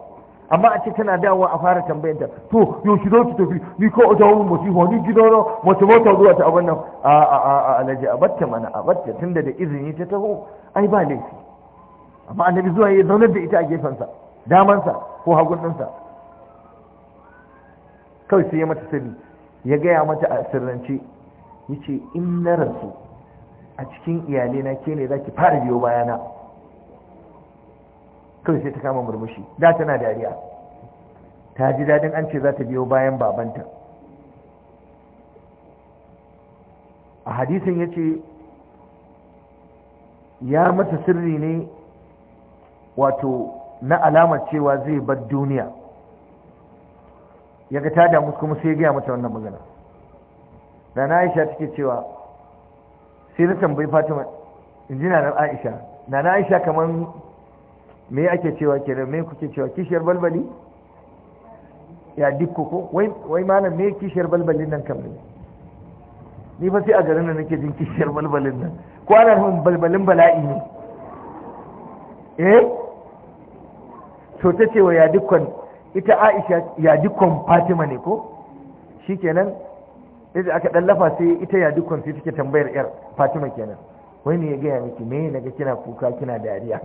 amma a ce tana dawowa a fara tambayanta to yau shi zo ki tafi ni ko a dawo musifa ni gida na mace mota zuwa ta abin nan a a a a alaji a batta mana a batta tunda da izini ta taho ai ba laifi amma annabi zuwa ya zaunar da ita a gefensa damansa ko hagun ɗinsa kawai sai ya mata sirri ya gaya mata a sirrance ya ce in na rasu a cikin iyalena ke ne za ki fara biyo bayana kawai sai ta kama murmushi da tana dariya ta ji dadin an ce za ta biyo bayan babanta a hadisin ya ce ya mata sirri ne wato na alamar cewa zai bar duniya ya ga ta damu kuma sai ya gaya mata wannan magana da na aisha take cewa sai na tambayi fatima ji na aisha na na aisha kamar me ake cewa kenan me kuke cewa kishiyar balbali ya dikko ko wai malam me kishiyar balbalin nan kam ne ni fa sai a garin nan nake jin kishiyar balbalin nan ko ana nufin balbalin bala'i ne eh to ta ce wa ya dikkon ita Aisha ya dikkon Fatima ne ko shikenan idan aka dallafa sai ita ya dikkon sai take tambayar yar Fatima kenan wai ne ya ga ya miki me ne ga kina kuka kina dariya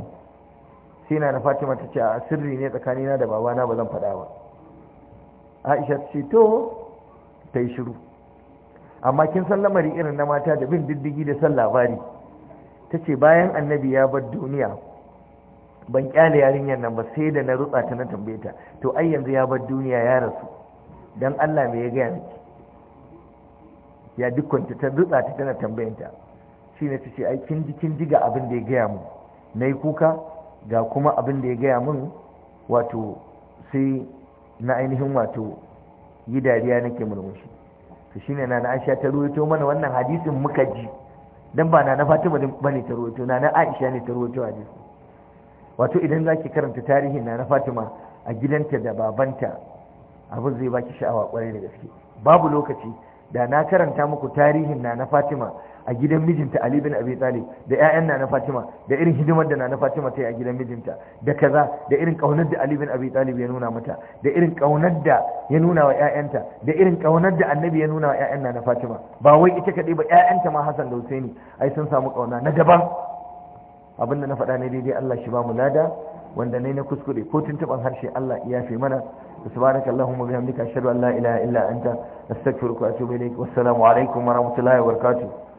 sai na fatima ta ce a sirri ne tsakanina da babana ba zan faɗa ba aisha ta ce to ta yi shiru amma kin san lamari irin na mata da bin diddigi da san labari ta ce bayan annabi ya bar duniya ban kyale yarinyar nan ba sai da na rutsa ta na tambaye ta to ai yanzu ya bar duniya ya rasu dan Allah me ya gaya miki ya dukkanta ta rutsa ta tana tambayanta shine ta ce ai kin ji kin ji abin da ya gaya mu nayi kuka ga kuma abin da ya gaya mun wato sai na ainihin wato yi dariya nake murmushi to shine na Aisha ta ruwaito mana wannan hadisin muka ji dan ba na Fatima bane ta ruwaito na Aisha ne ta ruwaito hadisin wato idan zaki karanta tarihin na Fatima a gidanta da babanta abin zai baki sha'awa kwarai da gaske babu lokaci da na karanta muku tarihin na Fatima a gidan mijinta Ali bin Abi Talib da ƴaƴan na Fatima da irin hidimar da na Fatima ta yi a gidan mijinta da kaza da irin kaunar da Ali bin Abi Talib ya nuna mata da irin kaunar da ya nuna wa ƴaƴanta da irin kaunar da Annabi ya nuna wa ƴaƴan na Fatima ba wai ita kadai ba ƴaƴanta ma Hassan da Husaini ai sun samu kauna na daban abin da na faɗa ne daidai Allah shi ba mu lada wanda ne na kuskure ko taban harshe Allah ya fi mana سبحانك اللهم وبحمدك أشهد أن لا إله إلا أنت أستغفرك وأتوب إليك والسلام عليكم الله وبركاته